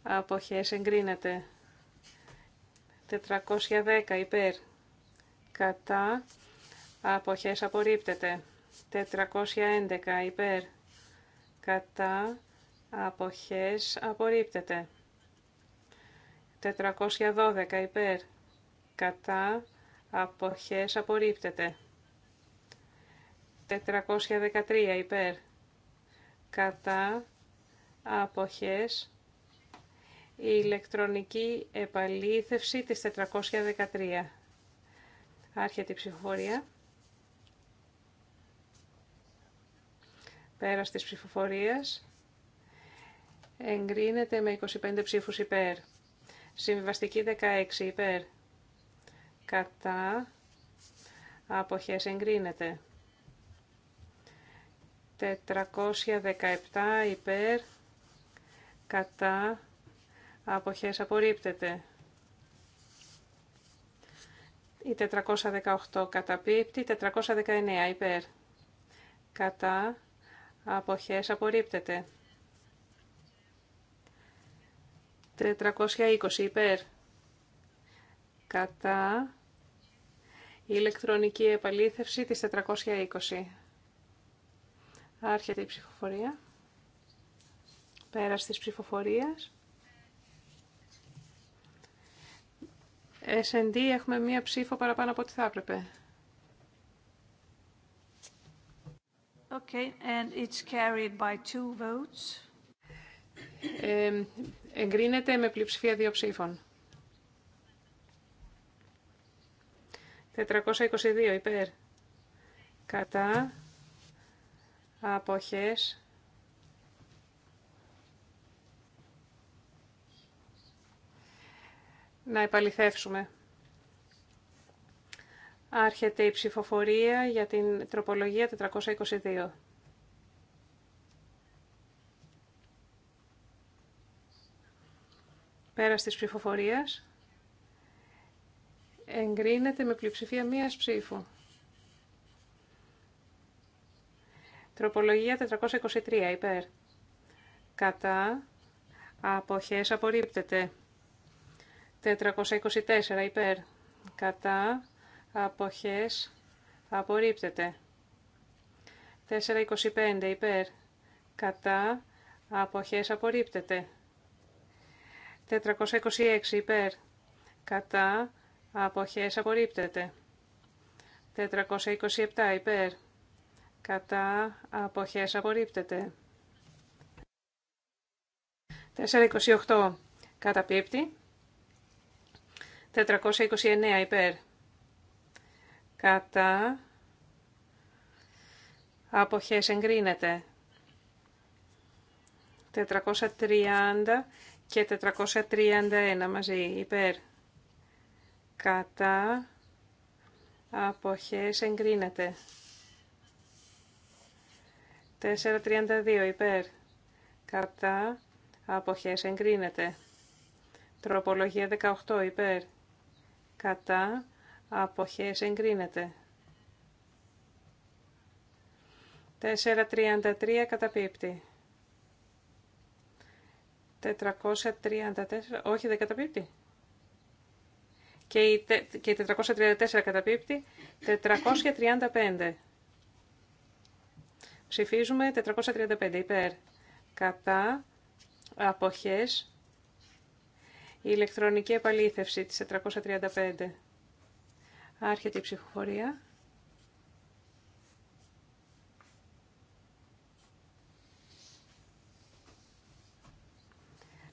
αποχές εγκρίνεται. 410 υπέρ, κατά, αποχές απορρίπτεται. 411 υπέρ κατά αποχές απορρίπτεται. 412 υπέρ κατά αποχές απορρίπτεται. 413 υπέρ κατά αποχές η ηλεκτρονική επαλήθευση της 413. Άρχεται η ψηφοφορία. Πέρας της ψηφοφορίας εγκρίνεται με 25 ψήφους υπέρ. Συμβιβαστική 16 υπέρ. Κατά αποχές εγκρίνεται. 417 υπέρ. Κατά αποχές απορρίπτεται. Η 418 καταπίπτει, 419 υπέρ. Κατά αποχές απορρίπτεται. 420 υπέρ κατά ηλεκτρονική επαλήθευση της 420. Άρχεται η ψηφοφορία. Πέρας της ψηφοφορίας. S&D έχουμε μία ψήφο παραπάνω από ό,τι θα έπρεπε. εγκρίνεται με πλειοψηφία δύο ψήφων. 422 υπέρ. Κατά. Αποχές. Να επαληθεύσουμε. Άρχεται η ψηφοφορία για την τροπολογία 422. Πέρας της ψηφοφορίας εγκρίνεται με πλειοψηφία μίας ψήφου. Τροπολογία 423 υπέρ. Κατά. Αποχές απορρίπτεται. 424 υπέρ. Κατά αποχές απορρίπτεται. 4.25 υπέρ κατά αποχές απορρίπτεται. 426 υπέρ κατά αποχές απορρίπτεται. 427 υπέρ κατά αποχές απορρίπτεται. 428 καταπίπτει. 429 υπέρ κατά αποχές εγκρίνεται. 430 και 431 μαζί υπέρ κατά αποχές εγκρίνεται. 432 υπέρ κατά αποχές εγκρίνεται. Τροπολογία 18 υπέρ κατά αποχές εγκρίνεται. 433 καταπίπτει. 434, όχι δεν καταπίπτει. Και η, και 434 καταπίπτει. 435. Ψηφίζουμε 435 υπέρ. Κατά αποχές η ηλεκτρονική επαλήθευση της 435. Άρχεται η ψηφοφορία.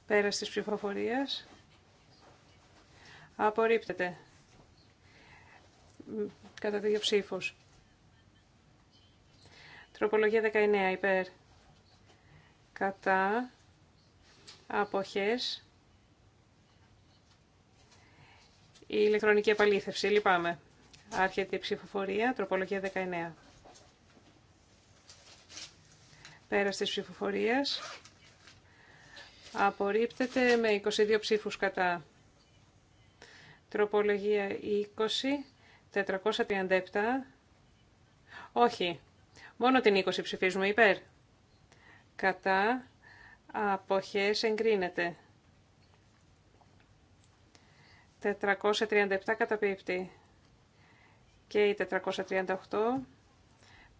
Πέρας της ψηφοφορίας. Απορρίπτεται. Κατά δύο ψήφους. Τροπολογία 19. Υπέρ. Κατά. Αποχές. Η ηλεκτρονική επαλήθευση. Λυπάμαι. Άρχεται η ψηφοφορία. Τροπολογία 19. Πέρας της ψηφοφορίας. Απορρίπτεται με 22 ψήφους κατά. Τροπολογία 20. 437. Όχι. Μόνο την 20 ψηφίζουμε υπέρ. Κατά. Αποχές εγκρίνεται. 437 καταπίπτει. Και η 438.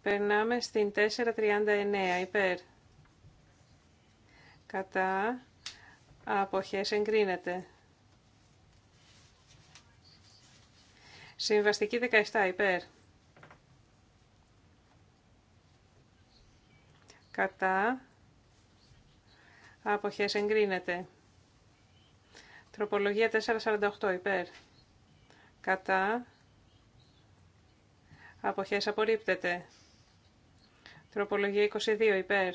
Περνάμε στην 439 υπέρ. Κατά αποχές εγκρίνεται. Συμβαστική 17 υπέρ. Κατά αποχές εγκρίνεται. Τροπολογία 448 υπέρ. Κατά. Αποχές απορρίπτεται. Τροπολογία 22 υπέρ.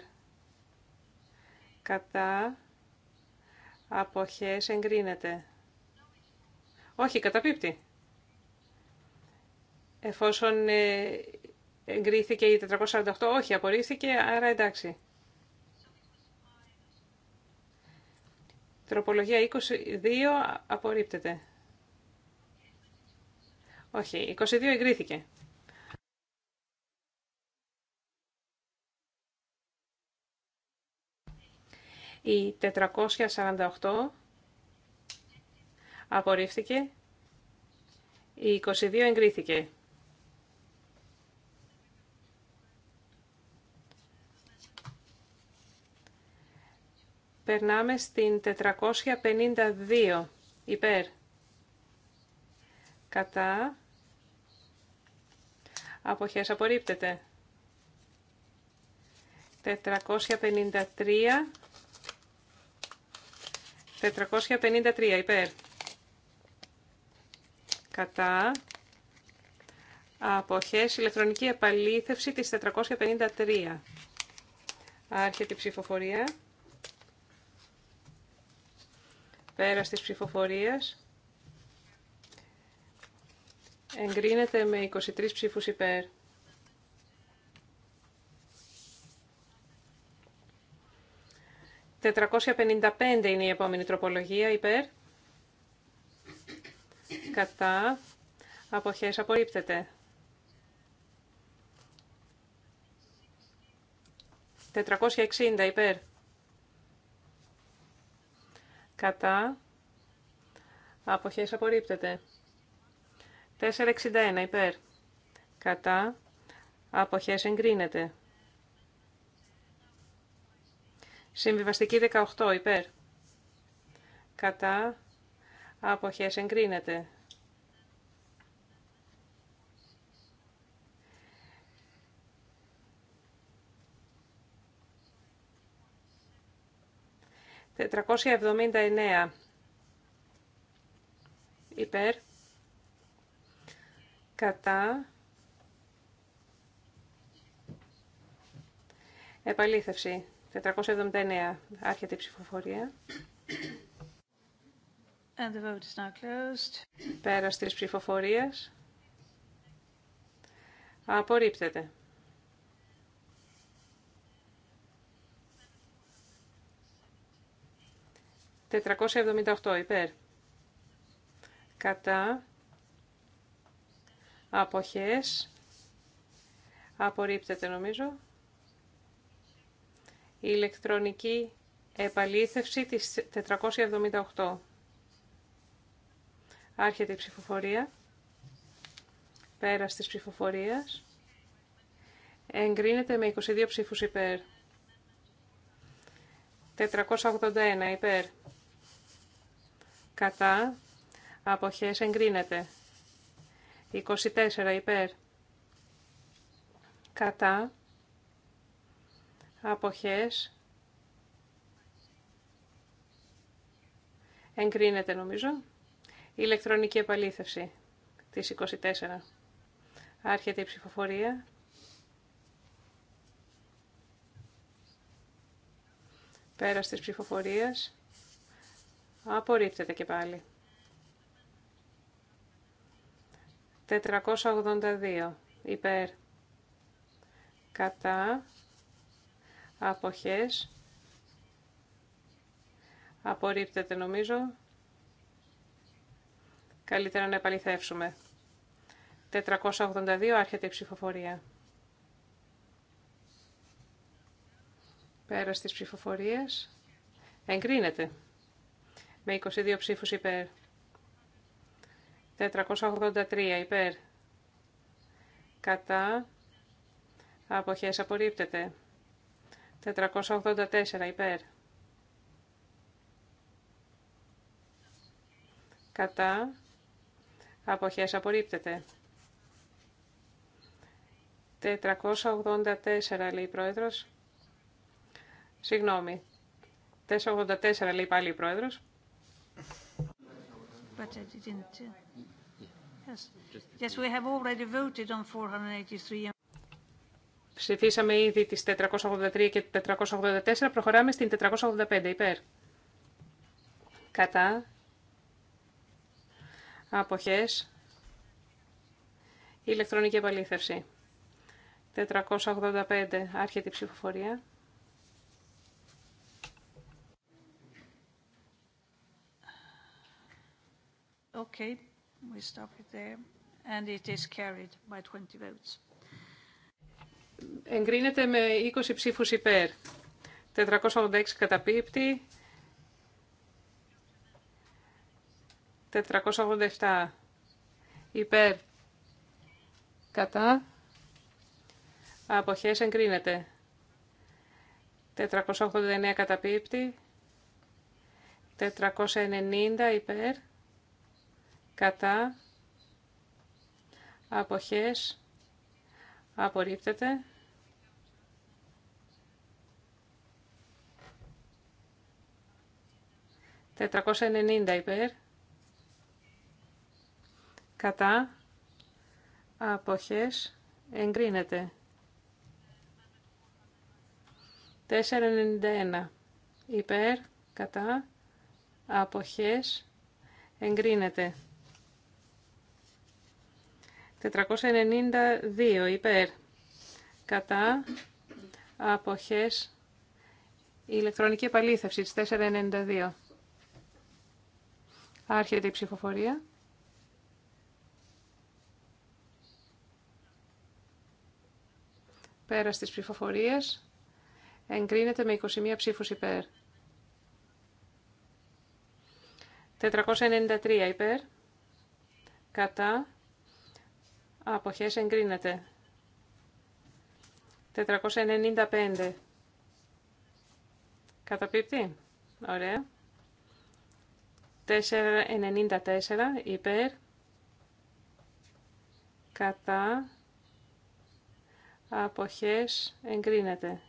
Κατά. Αποχές εγκρίνεται. Όχι, καταπίπτει. Εφόσον ε, εγκρίθηκε η 448, όχι, απορρίφθηκε, άρα εντάξει. Τροπολογία 22 απορρίπτεται. Όχι, 22 εγκρίθηκε. Η 448 απορρίφθηκε. Η 22 εγκρίθηκε. Περνάμε στην 452 υπέρ. Κατά. Αποχές απορρίπτεται. 453. 453 υπέρ. Κατά. Αποχές ηλεκτρονική επαλήθευση της 453. Άρχεται η ψηφοφορία. Πέρας της ψηφοφορίας εγκρίνεται με 23 ψήφους υπέρ. «455» είναι η επόμενη τροπολογία υπέρ. Κατά. Αποχές απορρίπτεται. 460 υπέρ κατά, αποχές απορρίπτεται. 461 υπέρ, κατά, αποχές εγκρίνεται. Συμβιβαστική 18 υπέρ, κατά, αποχές εγκρίνεται. 479 υπέρ, κατά, επαλήθευση, 479, άρχεται η ψηφοφορία. And the vote is now closed. Πέρας της ψηφοφορίας. Απορρίπτεται. 478 υπέρ. Κατά αποχές απορρίπτεται νομίζω. Η ηλεκτρονική επαλήθευση της 478. Άρχεται η ψηφοφορία. Πέρα τη ψηφοφορία. Εγκρίνεται με 22 ψήφους υπέρ. 481 υπέρ κατά, αποχές εγκρίνεται. 24 υπέρ, κατά, αποχές εγκρίνεται νομίζω. Ηλεκτρονική επαλήθευση της 24. Άρχεται η ψηφοφορία. Πέρας της ψηφοφορίας. Απορρίπτεται και πάλι. 482 υπέρ κατά αποχές απορρίπτεται νομίζω καλύτερα να επαληθεύσουμε 482 άρχεται η ψηφοφορία Πέρα της ψηφοφορίες. εγκρίνεται με 22 ψήφους υπέρ. 483 υπέρ. Κατά. Αποχές απορρίπτεται. 484 υπέρ. Κατά. Αποχές απορρίπτεται. 484 λέει η πρόεδρος. Συγγνώμη. 484 λέει πάλι η πρόεδρος but uh, Yes. Yes, we have already voted on 483. Ψηφίσαμε ήδη τις 483 και 484. Προχωράμε στην 485 υπέρ. Κατά. Αποχές. Ηλεκτρονική επαλήθευση. 485. Άρχεται η ψηφοφορία. Okay, we stop there. And it is carried by 20 votes. Εγκρίνεται με 20 ψήφους υπέρ. 486 καταπίπτει. 487 υπέρ. Κατά. Αποχές εγκρίνεται. 489 καταπίπτει. 490 υπέρ κατά αποχές απορρίπτεται. Τετρακόσια ενενήντα υπέρ, κατά, αποχές, εγκρίνεται. 491. Υπέρ, κατά, αποχές, εγκρίνεται. 492 υπέρ. Κατά αποχές η ηλεκτρονική επαλήθευση της 492. Άρχεται η ψηφοφορία. Πέρα στις ψηφοφορίες εγκρίνεται με 21 ψήφους υπέρ. 493 υπέρ. Κατά Αποχές εγκρίνεται. 495. Καταπίπτει. Ωραία. 494 υπέρ. Κατά. Αποχές εγκρίνεται.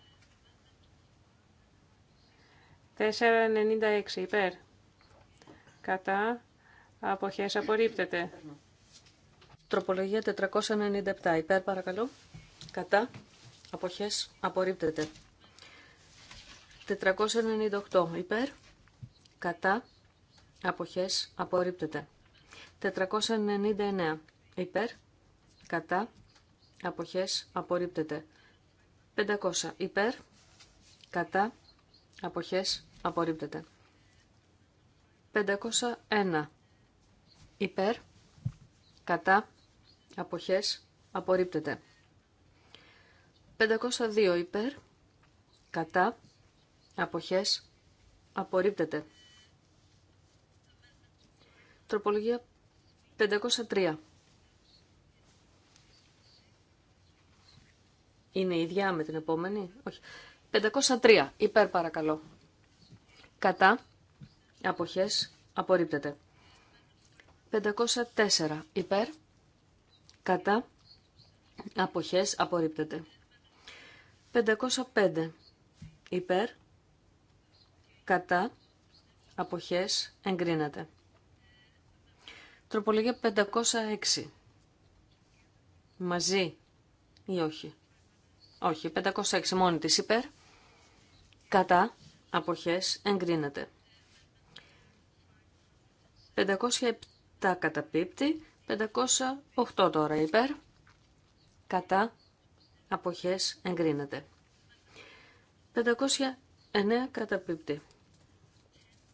496 υπέρ. Κατά. Αποχές απορρίπτεται. Τροπολογία 497. Υπέρ παρακαλώ. Κατά. Αποχές. Απορρίπτεται. 498. Υπέρ. Κατά. Αποχές. Απορρίπτεται. 499. Υπέρ. Κατά. Αποχές. Απορρίπτεται. 500. Υπέρ. Κατά. Αποχές. Απορρίπτεται. 501. Υπέρ. Κατά αποχές απορρίπτεται. 502 υπέρ, κατά, αποχές απορρίπτεται. Τροπολογία 503. Είναι η ίδια με την επόμενη. Όχι. 503. Υπέρ παρακαλώ. Κατά. Αποχές. Απορρίπτεται. 504. Υπέρ κατά αποχές απορρίπτεται. 505 υπέρ κατά αποχές εγκρίνεται. Τροπολογία 506 μαζί ή όχι. Όχι, 506 μόνη της υπέρ κατά αποχές εγκρίνεται. 507 καταπίπτει 508 τώρα υπέρ, κατά, αποχές εγκρίνεται. 509 καταπίπτει.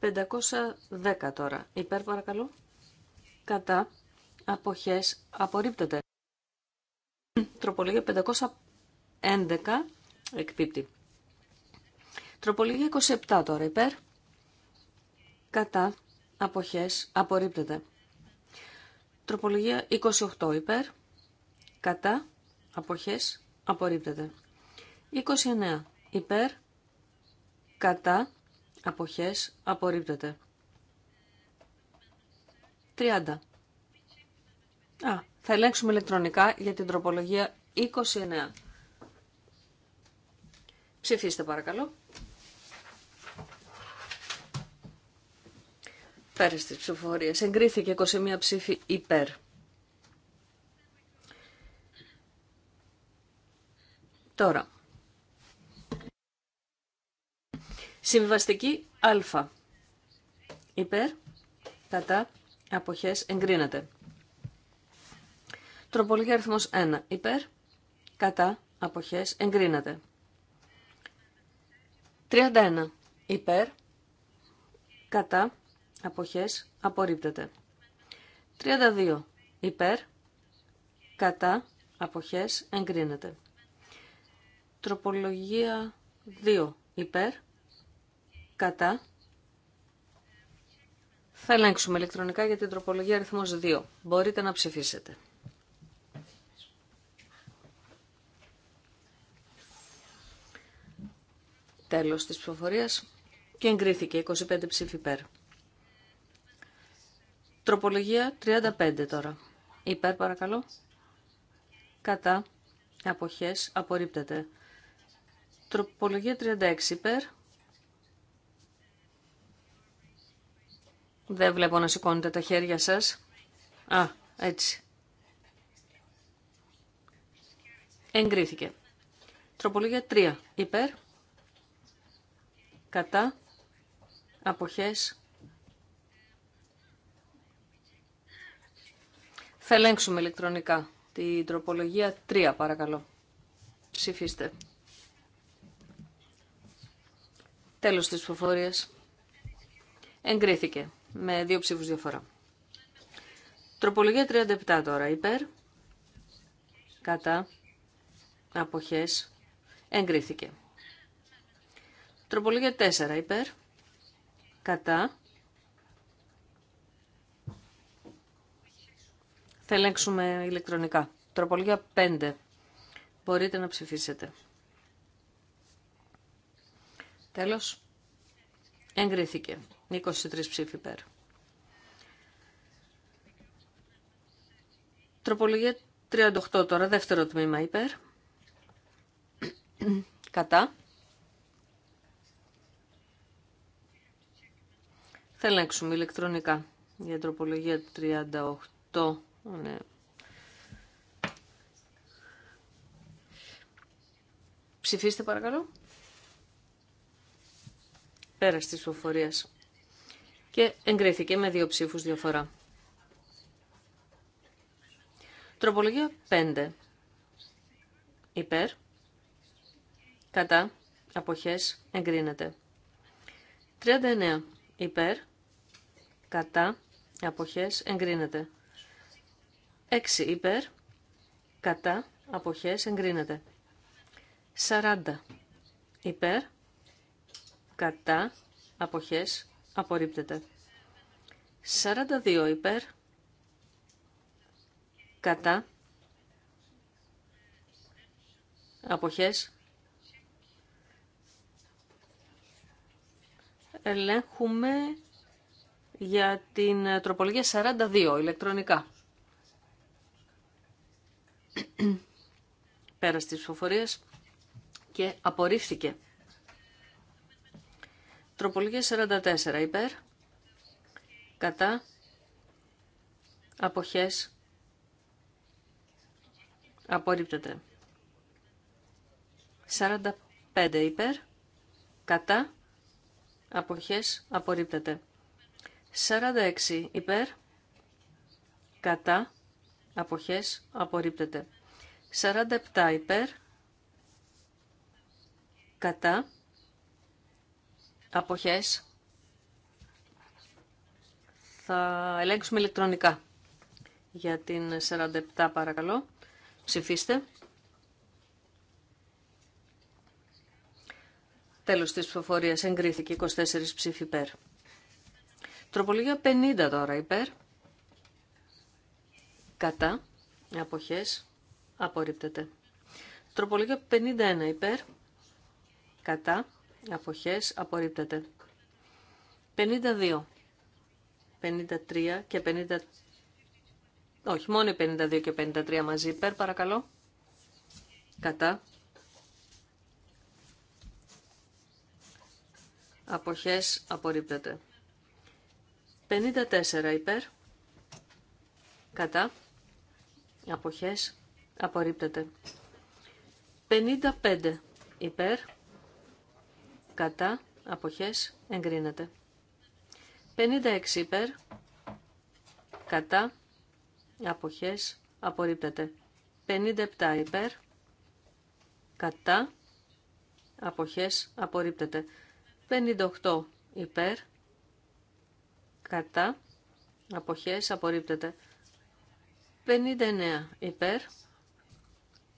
510 τώρα υπέρ παρακαλώ, κατά, αποχές απορρίπτεται. Τροπολογία 511 εκπίπτει. Τροπολογία 27 τώρα υπέρ, κατά, αποχές απορρίπτεται. Τροπολογία 28 υπέρ, κατά, αποχές, απορρίπτεται. 29 υπέρ, κατά, αποχές, απορρίπτεται. 30. Α, θα ελέγξουμε ηλεκτρονικά για την τροπολογία 29. Ψηφίστε παρακαλώ. Πέρασε της ψηφοφορίας. Εγκρίθηκε 21 ψήφοι υπέρ. Τώρα. Συμβαστική α. Υπέρ, κατά, αποχές, εγκρίνεται. Τροπολογία αριθμός 1. Υπέρ, κατά, αποχές, εγκρίνεται. 31. Υπέρ, κατά, Αποχές απορρίπτεται. 32. Υπέρ. Κατά. Αποχές εγκρίνεται. Τροπολογία 2. Υπέρ. Κατά. Θα ελέγξουμε ηλεκτρονικά για την τροπολογία αριθμός 2. Μπορείτε να ψηφίσετε. Τέλος της ψηφοφορίας και εγκρίθηκε 25 ψήφι υπέρ. Τροπολογία 35 τώρα. Υπέρ παρακαλώ. Κατά. Αποχές. Απορρίπτεται. Τροπολογία 36 υπέρ. Δεν βλέπω να σηκώνετε τα χέρια σας. Α, έτσι. Εγκρίθηκε. Τροπολογία 3 υπέρ. Κατά. Αποχές. Θα ελέγξουμε ηλεκτρονικά. Την τροπολογία 3 παρακαλώ. Ψηφίστε. Τέλος της ψηφοφορίας. Εγκρίθηκε με δύο ψήφους διαφορά. Τροπολογία 37 τώρα. Υπέρ. Κατά. Αποχές. Εγκρίθηκε. Τροπολογία 4. Υπέρ. Κατά. Θα ελέγξουμε ηλεκτρονικά. Τροπολογία 5. Μπορείτε να ψηφίσετε. Τέλος. Εγκρίθηκε. 23 ψήφοι υπέρ. Τροπολογία 38 τώρα, δεύτερο τμήμα υπέρ. Κατά. Θα ελέγξουμε ηλεκτρονικά για τροπολογία 38. Ναι. Ψηφίστε παρακαλώ. Πέρα της ψηφοφορίας. Και εγκρίθηκε με δύο ψήφους φορά Τροπολογία 5. Υπέρ. Κατά. Αποχές. Εγκρίνεται. 39. Υπέρ. Κατά. Αποχές. Εγκρίνεται. 6 υπέρ, κατά, αποχές, εγκρίνεται. 40 υπέρ, κατά, αποχές, απορρίπτεται. 42 υπέρ, κατά, αποχές, ελέγχουμε για την τροπολογία 42 ηλεκτρονικά. Πέρα στις ψηφοφορίες και απορρίφθηκε. Τροπολογία 44 υπέρ, κατά, αποχές, απορρίπτεται. 45 υπέρ, κατά, αποχές, απορρίπτεται. 46 υπέρ, κατά, αποχές απορρίπτεται. 47 υπέρ, κατά, αποχές, θα ελέγξουμε ηλεκτρονικά. Για την 47 παρακαλώ, ψηφίστε. Τέλος της ψηφοφορίας εγκρίθηκε 24 ψήφι υπέρ. Τροπολογία 50 τώρα υπέρ κατά, αποχές, απορρίπτεται. Τροπολογία 51 υπέρ, κατά, αποχές, απορρίπτεται. 52, 53 και 50... Όχι, μόνο 52 και 53 μαζί υπέρ, παρακαλώ. Κατά. Αποχές απορρίπτεται. 54 υπέρ. Κατά αποχές απορρίπτεται. 55 υπέρ, κατά, αποχές εγκρίνεται. 56 υπέρ, κατά, αποχές απορρίπτεται. 57 υπέρ, κατά, αποχές απορρίπτεται. 58 υπέρ, κατά, αποχές απορρίπτεται. 59 υπέρ,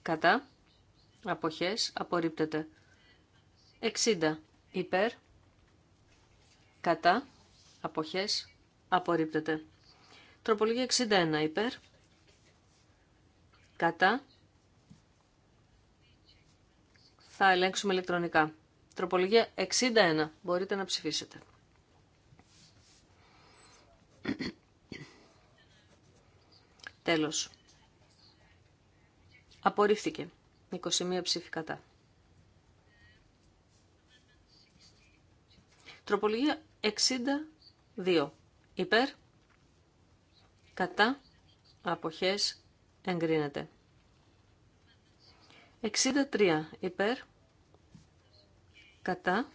κατά, αποχές, απορρίπτεται. 60 υπέρ, κατά, αποχές, απορρίπτεται. Τροπολογία 61 υπέρ, κατά, θα ελέγξουμε ηλεκτρονικά. Τροπολογία 61. Μπορείτε να ψηφίσετε. Τέλος. Απορρίφθηκε. 21 ψήφι κατά. Τροπολογία 62. Υπέρ. Κατά. Αποχές. Εγκρίνεται. 63. Υπέρ. Κατά.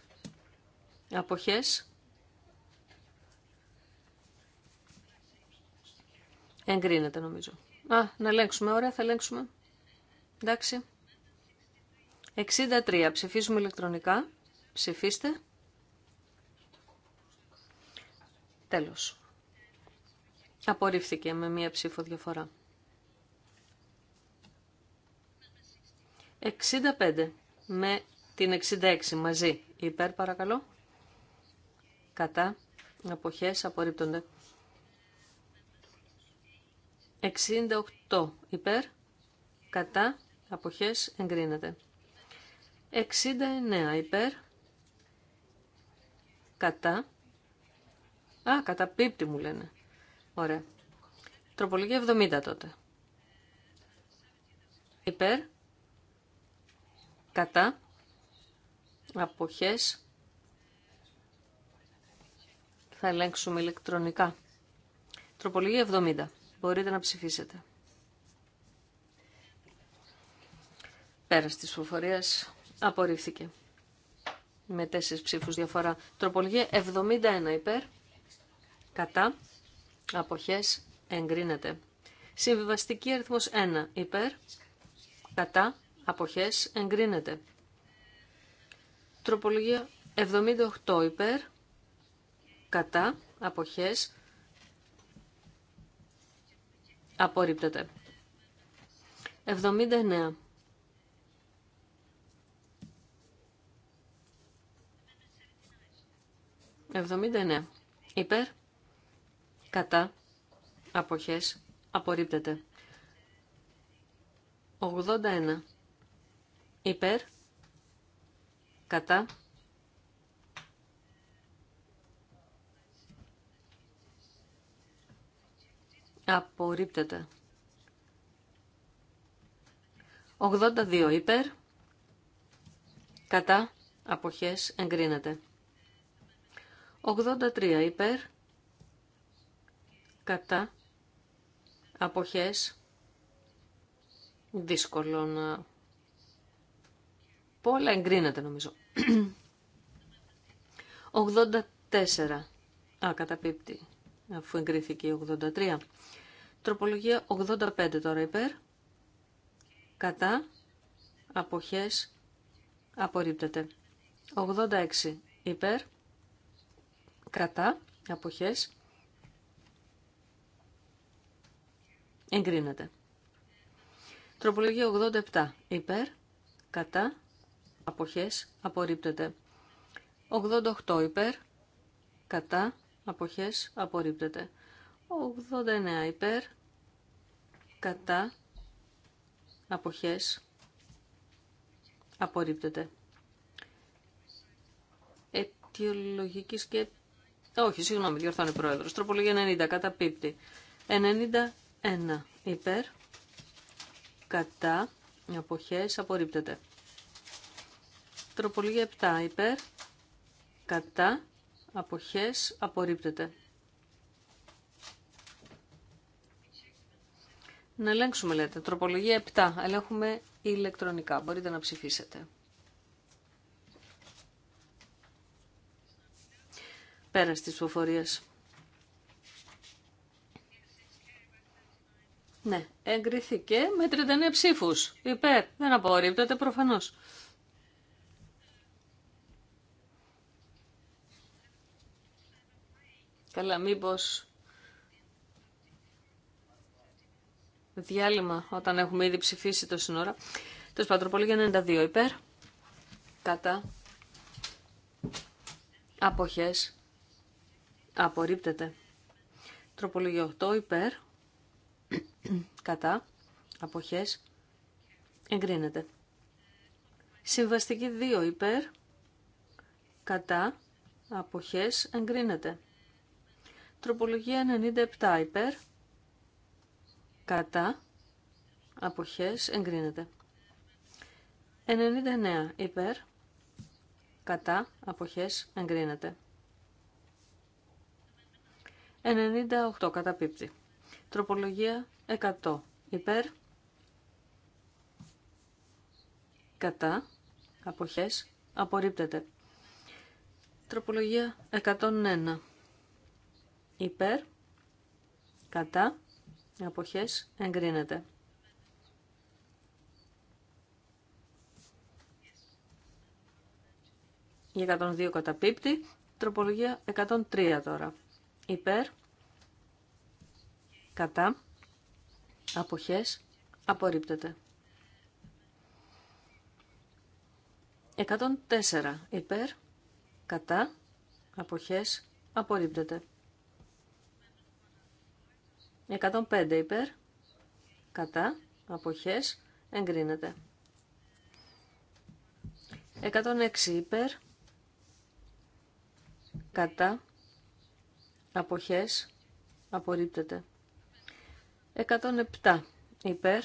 Αποχές. Εγκρίνεται νομίζω. Α, να ελέγξουμε. Ωραία, θα ελέγξουμε. Εντάξει. 63. Ψηφίζουμε ηλεκτρονικά. Ψηφίστε. Τέλος. Απορρίφθηκε με μία ψήφο διαφορά. 65 με την 66 μαζί. Υπέρ παρακαλώ. Κατά. Αποχές απορρίπτονται. 68 υπέρ, κατά, αποχές εγκρίνεται. 69 υπέρ, κατά, α, κατά πίπτη μου λένε. Ωραία. Τροπολογία 70 τότε. Υπέρ, κατά, αποχές, θα ελέγξουμε ηλεκτρονικά. Τροπολογία 70. Μπορείτε να ψηφίσετε. Πέρας της ψηφοφορίας απορρίφθηκε. Με τέσσερις ψήφους διαφορά. Τροπολογία 71 υπέρ. Κατά. Αποχές εγκρίνεται. Συμβιβαστική αριθμός 1 υπέρ. Κατά. Αποχές εγκρίνεται. Τροπολογία 78 υπέρ. Κατά. Αποχές Απορρίπτεται. 79. 79 Υπέρ, κατά, αποχές, απορρίπτεται. 81. Υπέρ, κατά, Απορρίπτεται. 82 υπέρ. Κατά. Αποχές εγκρίνεται. 83 υπέρ. Κατά. Αποχές. Δύσκολο να... Πολλά εγκρίνεται νομίζω. 84. Α, καταπίπτει. Αφού εγκρίθηκε η 83. Τροπολογία 85 τώρα υπέρ. Κατά. Αποχές. Απορρίπτεται. 86 υπέρ. Κατά. Αποχές. Εγκρίνεται. Τροπολογία 87 υπέρ. Κατά. Αποχές. Απορρίπτεται. 88 υπέρ. Κατά. Αποχές. Απορρίπτεται. 89 υπέρ κατά αποχές απορρίπτεται. Αιτιολογική σκέψη. Όχι, συγγνώμη, διορθώνει πρόεδρο. Τροπολογία 90, Κατά πίπτη. 91 υπέρ, κατά, αποχές, απορρίπτεται. Τροπολογία 7 υπέρ, κατά, αποχές, απορρίπτεται. Να ελέγξουμε λέτε. Τροπολογία 7. Ελέγχουμε ηλεκτρονικά. Μπορείτε να ψηφίσετε. Πέρα τη ψηφοφορία. Ναι, εγκριθήκε με 39 ψήφους. Υπέρ, δεν απορρίπτεται προφανώς. Καλά, μήπως διάλειμμα όταν έχουμε ήδη ψηφίσει το σύνορα. το τροπολογία 92 υπέρ. Κατά. Αποχές. Απορρίπτεται. Τροπολογία 8 υπέρ. Κατά. Αποχές. Εγκρίνεται. Συμβαστική 2 υπέρ. Κατά. Αποχές. Εγκρίνεται. Τροπολογία 97 υπέρ κατά, αποχές, εγκρίνεται. 99 υπέρ, κατά, αποχές, εγκρίνεται. 98 πίπτη. Τροπολογία 100 υπέρ, κατά, αποχές, απορρίπτεται. Τροπολογία 101 υπέρ, κατά, Αποχές εγκρίνεται. Η 102 καταπίπτει. Τροπολογία 103 τώρα. Υπέρ. Κατά. Αποχές. Απορρίπτεται. 104. Υπέρ. Κατά. Αποχές. Απορρίπτεται. 105 υπέρ, κατά, αποχές, εγκρίνεται. 106 υπέρ, κατά, αποχές, απορρίπτεται. 107 υπέρ,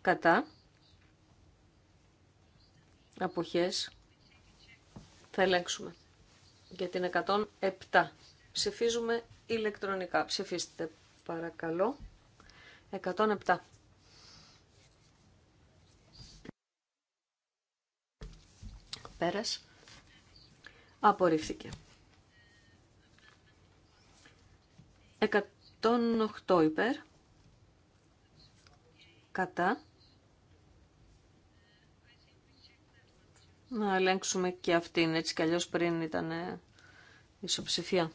κατά, αποχές, θα ελέγξουμε. Για την 107 ψηφίζουμε ηλεκτρονικά. Ψηφίστε παρακαλώ. 107. Πέρας. Απορρίφθηκε. 108 υπέρ. Κατά. Να ελέγξουμε και αυτήν, έτσι κι αλλιώς πριν ήταν ισοψηφία.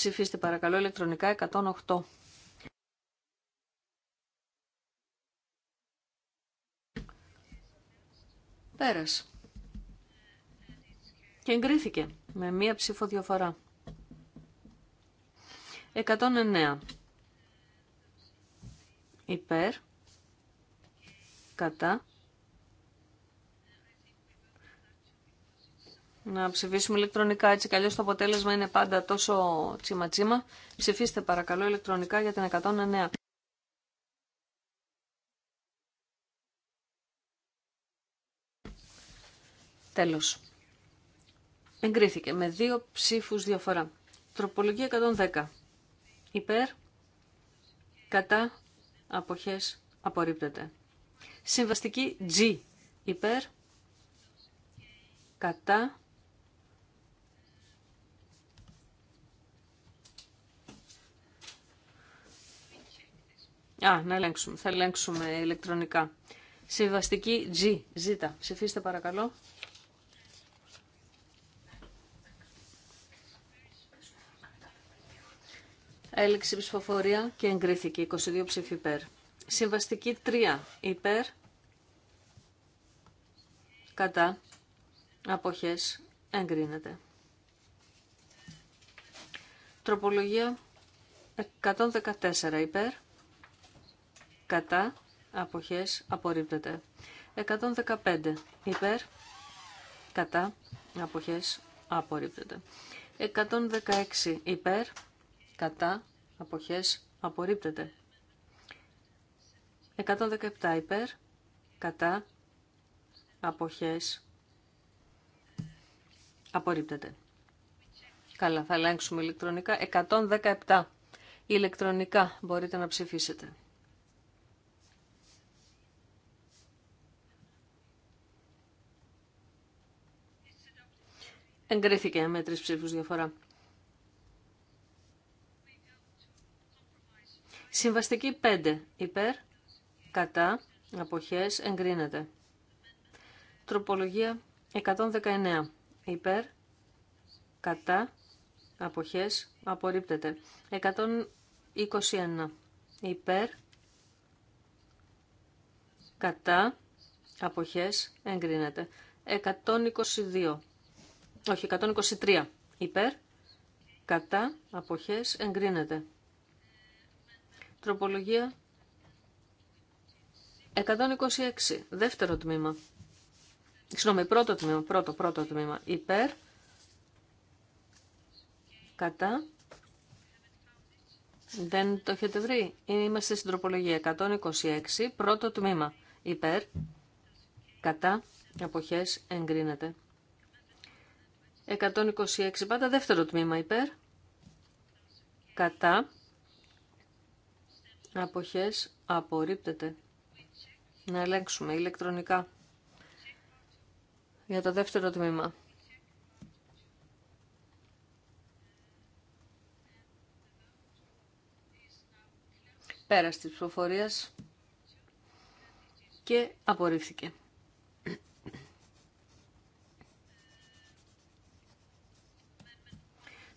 Ψηφίστε παρακαλώ ηλεκτρονικά 108. Πέρας. Και εγκρίθηκε με μία ψήφο διαφορά. 109. Υπέρ. Κατά. να ψηφίσουμε ηλεκτρονικά. Έτσι κι το αποτέλεσμα είναι πάντα τόσο τσιμα-τσιμα. Ψηφίστε παρακαλώ ηλεκτρονικά για την 109. Τέλος. Εγκρίθηκε με δύο ψήφους διαφορά. Τροπολογία 110. Υπέρ, κατά, αποχές, απορρίπτεται. Συμβαστική G. Υπέρ, κατά, Α, να ελέγξουμε. Θα ελέγξουμε ηλεκτρονικά. Συμβαστική G, Z. Ψηφίστε παρακαλώ. Έληξη ψηφοφορία και εγκρίθηκε 22 ψήφι υπέρ. Συμβαστική 3 υπέρ. Κατά. Αποχές. Εγκρίνεται. Τροπολογία 114 υπέρ κατά, αποχές, απορρίπτεται. 115 υπέρ, κατά, αποχές, απορρίπτεται. 116 υπέρ, κατά, αποχές, απορρίπτεται. 117 υπέρ, κατά, αποχές, απορρίπτεται. Καλά, θα ελέγξουμε ηλεκτρονικά. 117 ηλεκτρονικά μπορείτε να ψηφίσετε. Εγκρίθηκε με τρεις ψήφους διαφορά. Συμβαστική 5. Υπέρ, κατά, αποχές, εγκρίνεται. Τροπολογία 119. Υπέρ, κατά, αποχές, απορρίπτεται. 121. Υπέρ, κατά, αποχές, εγκρίνεται. 122 όχι 123 υπέρ, κατά, αποχές, εγκρίνεται. Τροπολογία 126, δεύτερο τμήμα. Συγγνώμη, πρώτο τμήμα, πρώτο, πρώτο τμήμα. Υπέρ, κατά, δεν το έχετε βρει. Είμαστε στην τροπολογία 126, πρώτο τμήμα. Υπέρ, κατά, αποχές, εγκρίνεται. 126 πάντα δεύτερο τμήμα υπέρ. Κατά. Αποχές απορρίπτεται. Να ελέγξουμε ηλεκτρονικά. Για το δεύτερο τμήμα. πέρα της ψηφοφορίας και απορρίφθηκε.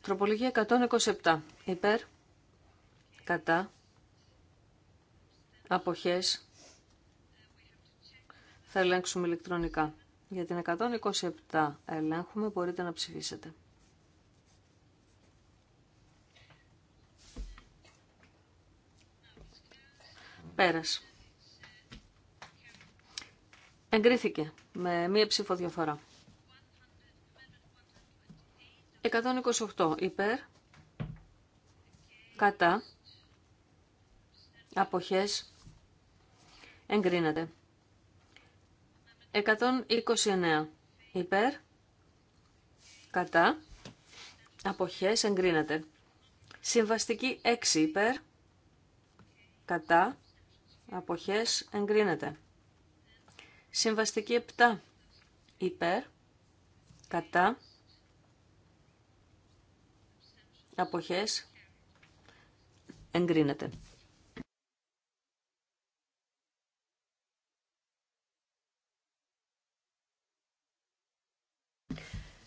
Τροπολογία 127. Υπέρ, κατά, αποχές. Θα ελέγξουμε ηλεκτρονικά. Για την 127 ελέγχουμε, μπορείτε να ψηφίσετε. Πέρας. Εγκρίθηκε με μία ψήφο διαφορά. 128 υπέρ, κατά, αποχές, εγκρίνεται. 129 υπέρ, κατά, αποχές, εγκρίνεται. Συμβαστική 6 υπέρ, κατά, αποχές, εγκρίνεται. Συμβαστική 7 υπέρ, κατά, αποχές εγκρίνεται.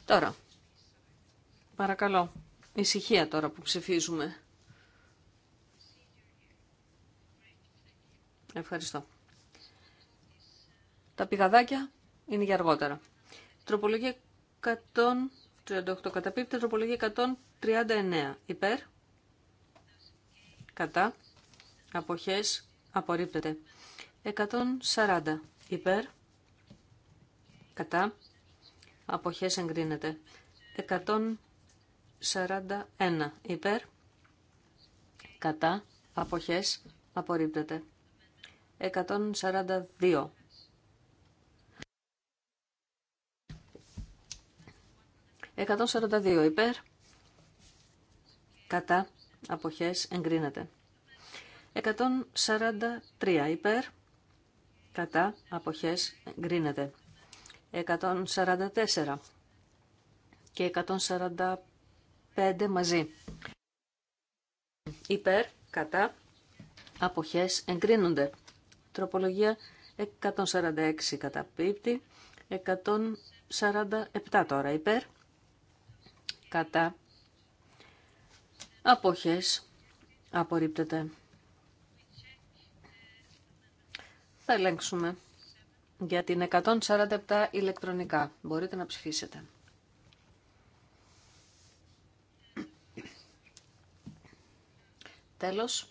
Τώρα, παρακαλώ, ησυχία τώρα που ψηφίζουμε. Ευχαριστώ. Τα πηγαδάκια είναι για αργότερα. Τροπολογία 38 καταπίπτει, τροπολογία 139 υπέρ, κατά, αποχές, απορρίπτεται. 140 υπέρ, κατά, αποχές εγκρίνεται. 141 υπέρ, κατά, αποχές, απορρίπτεται. 142 142 υπέρ, κατά, αποχές, εγκρίνεται. 143 υπέρ, κατά, αποχές, εγκρίνεται. 144 και 145 μαζί. Υπέρ, κατά, αποχές, εγκρίνονται. Τροπολογία 146 κατά πίπτη, 147 τώρα υπέρ, κατά αποχές απορρίπτεται. Θα ελέγξουμε για την 147 ηλεκτρονικά. Μπορείτε να ψηφίσετε. Τέλος.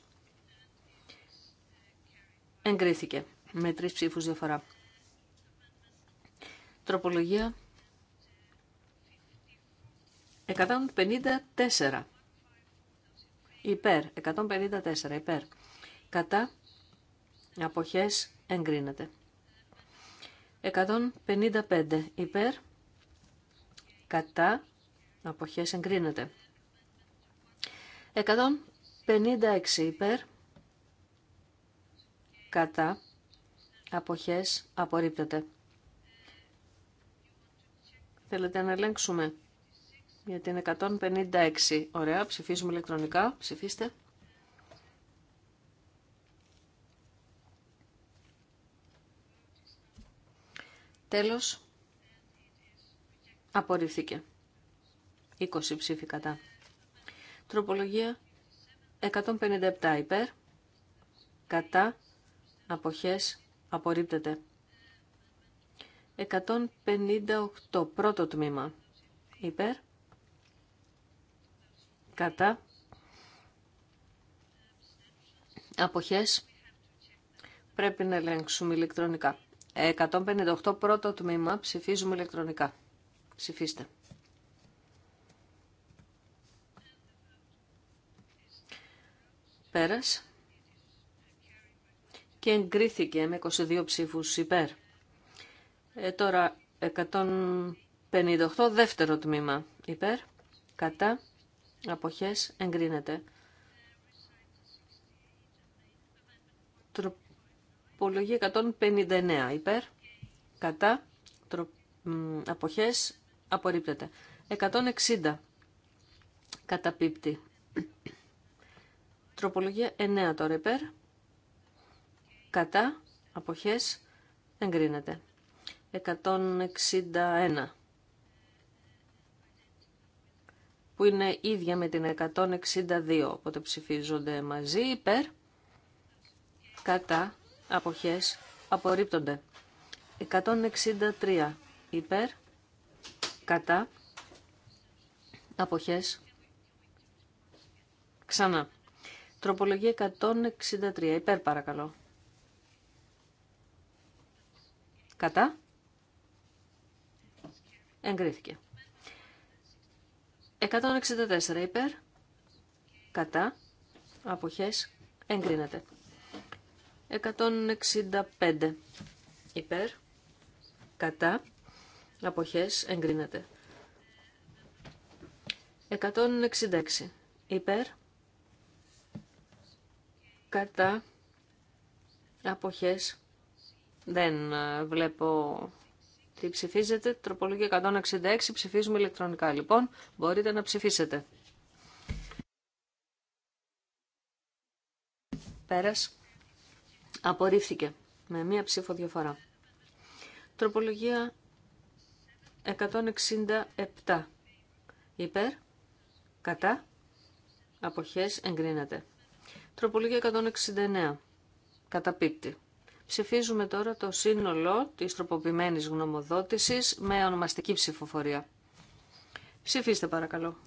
Εγκρίθηκε με τρεις ψήφους διαφορά. Τροπολογία 154 υπέρ, 154 υπέρ, κατά αποχές εγκρίνεται. 155 υπέρ, κατά αποχές εγκρίνεται. 156 υπέρ, κατά αποχές απορρίπτεται. Θέλετε να ελέγξουμε για την 156. Ωραία, ψηφίζουμε ηλεκτρονικά. Ψηφίστε. Τέλος, απορριφθήκε. 20 ψήφοι κατά. Τροπολογία 157 υπέρ, κατά, αποχές, απορρίπτεται. 158 πρώτο τμήμα υπέρ, κατά αποχές πρέπει να ελέγξουμε ηλεκτρονικά. 158 πρώτο τμήμα ψηφίζουμε ηλεκτρονικά. Ψηφίστε. Πέρας. Και εγκρίθηκε με 22 ψήφους υπέρ. Ε, τώρα 158 δεύτερο τμήμα υπέρ. Κατά Αποχές εγκρίνεται. Τροπολογία 159 υπέρ. Κατά. Τρο... Αποχές απορρίπτεται. 160 καταπίπτει. Τροπολογία 9 τώρα υπέρ. Κατά. Αποχές εγκρίνεται. 161 που είναι ίδια με την 162, οπότε ψηφίζονται μαζί, υπέρ, κατά, αποχές, απορρίπτονται. 163, υπέρ, κατά, αποχές, ξανά. Τροπολογία 163, υπέρ παρακαλώ. Κατά. Εγκρίθηκε. 164 υπέρ, κατά, αποχές, εγκρίνεται. 165 υπέρ, κατά, αποχές, εγκρίνεται. 166 υπέρ, κατά, αποχές, δεν ε, βλέπω τι ψηφίζετε, τροπολογία 166, ψηφίζουμε ηλεκτρονικά. Λοιπόν, μπορείτε να ψηφίσετε. Πέρας. Απορρίφθηκε με μία ψήφο διαφορά. Τροπολογία 167. Υπέρ, κατά, αποχές εγκρίνεται. Τροπολογία 169. Καταπίπτει. Ψηφίζουμε τώρα το σύνολο της τροποποιημένης γνωμοδότησης με ονομαστική ψηφοφορία. Ψηφίστε παρακαλώ.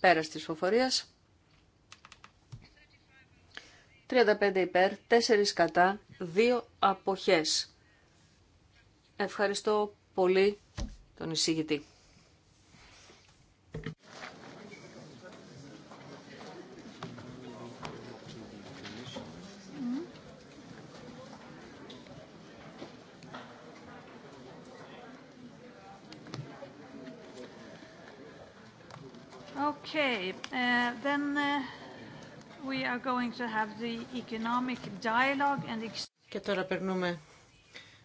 Πέρας της ψηφοφορίας. 35 υπέρ, 4 κατά, 2 αποχές. Ευχαριστώ πολύ τον εισηγητή. Okay, Και τώρα περνούμε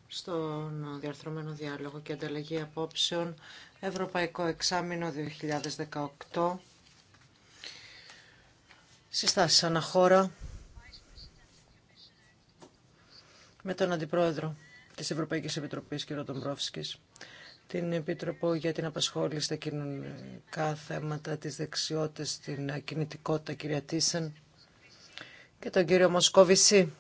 στον διαρθρωμένο διάλογο και ανταλλαγή απόψεων Ευρωπαϊκό Εξάμεινο 2018 Συστάσεις αναχώρα με τον Αντιπρόεδρο της Ευρωπαϊκής Επιτροπής κ. Τομπρόφσκης την Επίτροπο για την απασχόληση στα κοινωνικά θέματα, τις δεξιότητες, την κινητικότητα, κυρία Τίσεν, και τον κύριο Μοσκόβηση,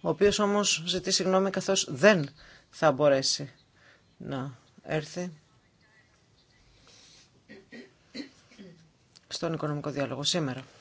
ο οποίος όμως ζητεί συγγνώμη καθώς δεν θα μπορέσει να έρθει στον οικονομικό διάλογο σήμερα.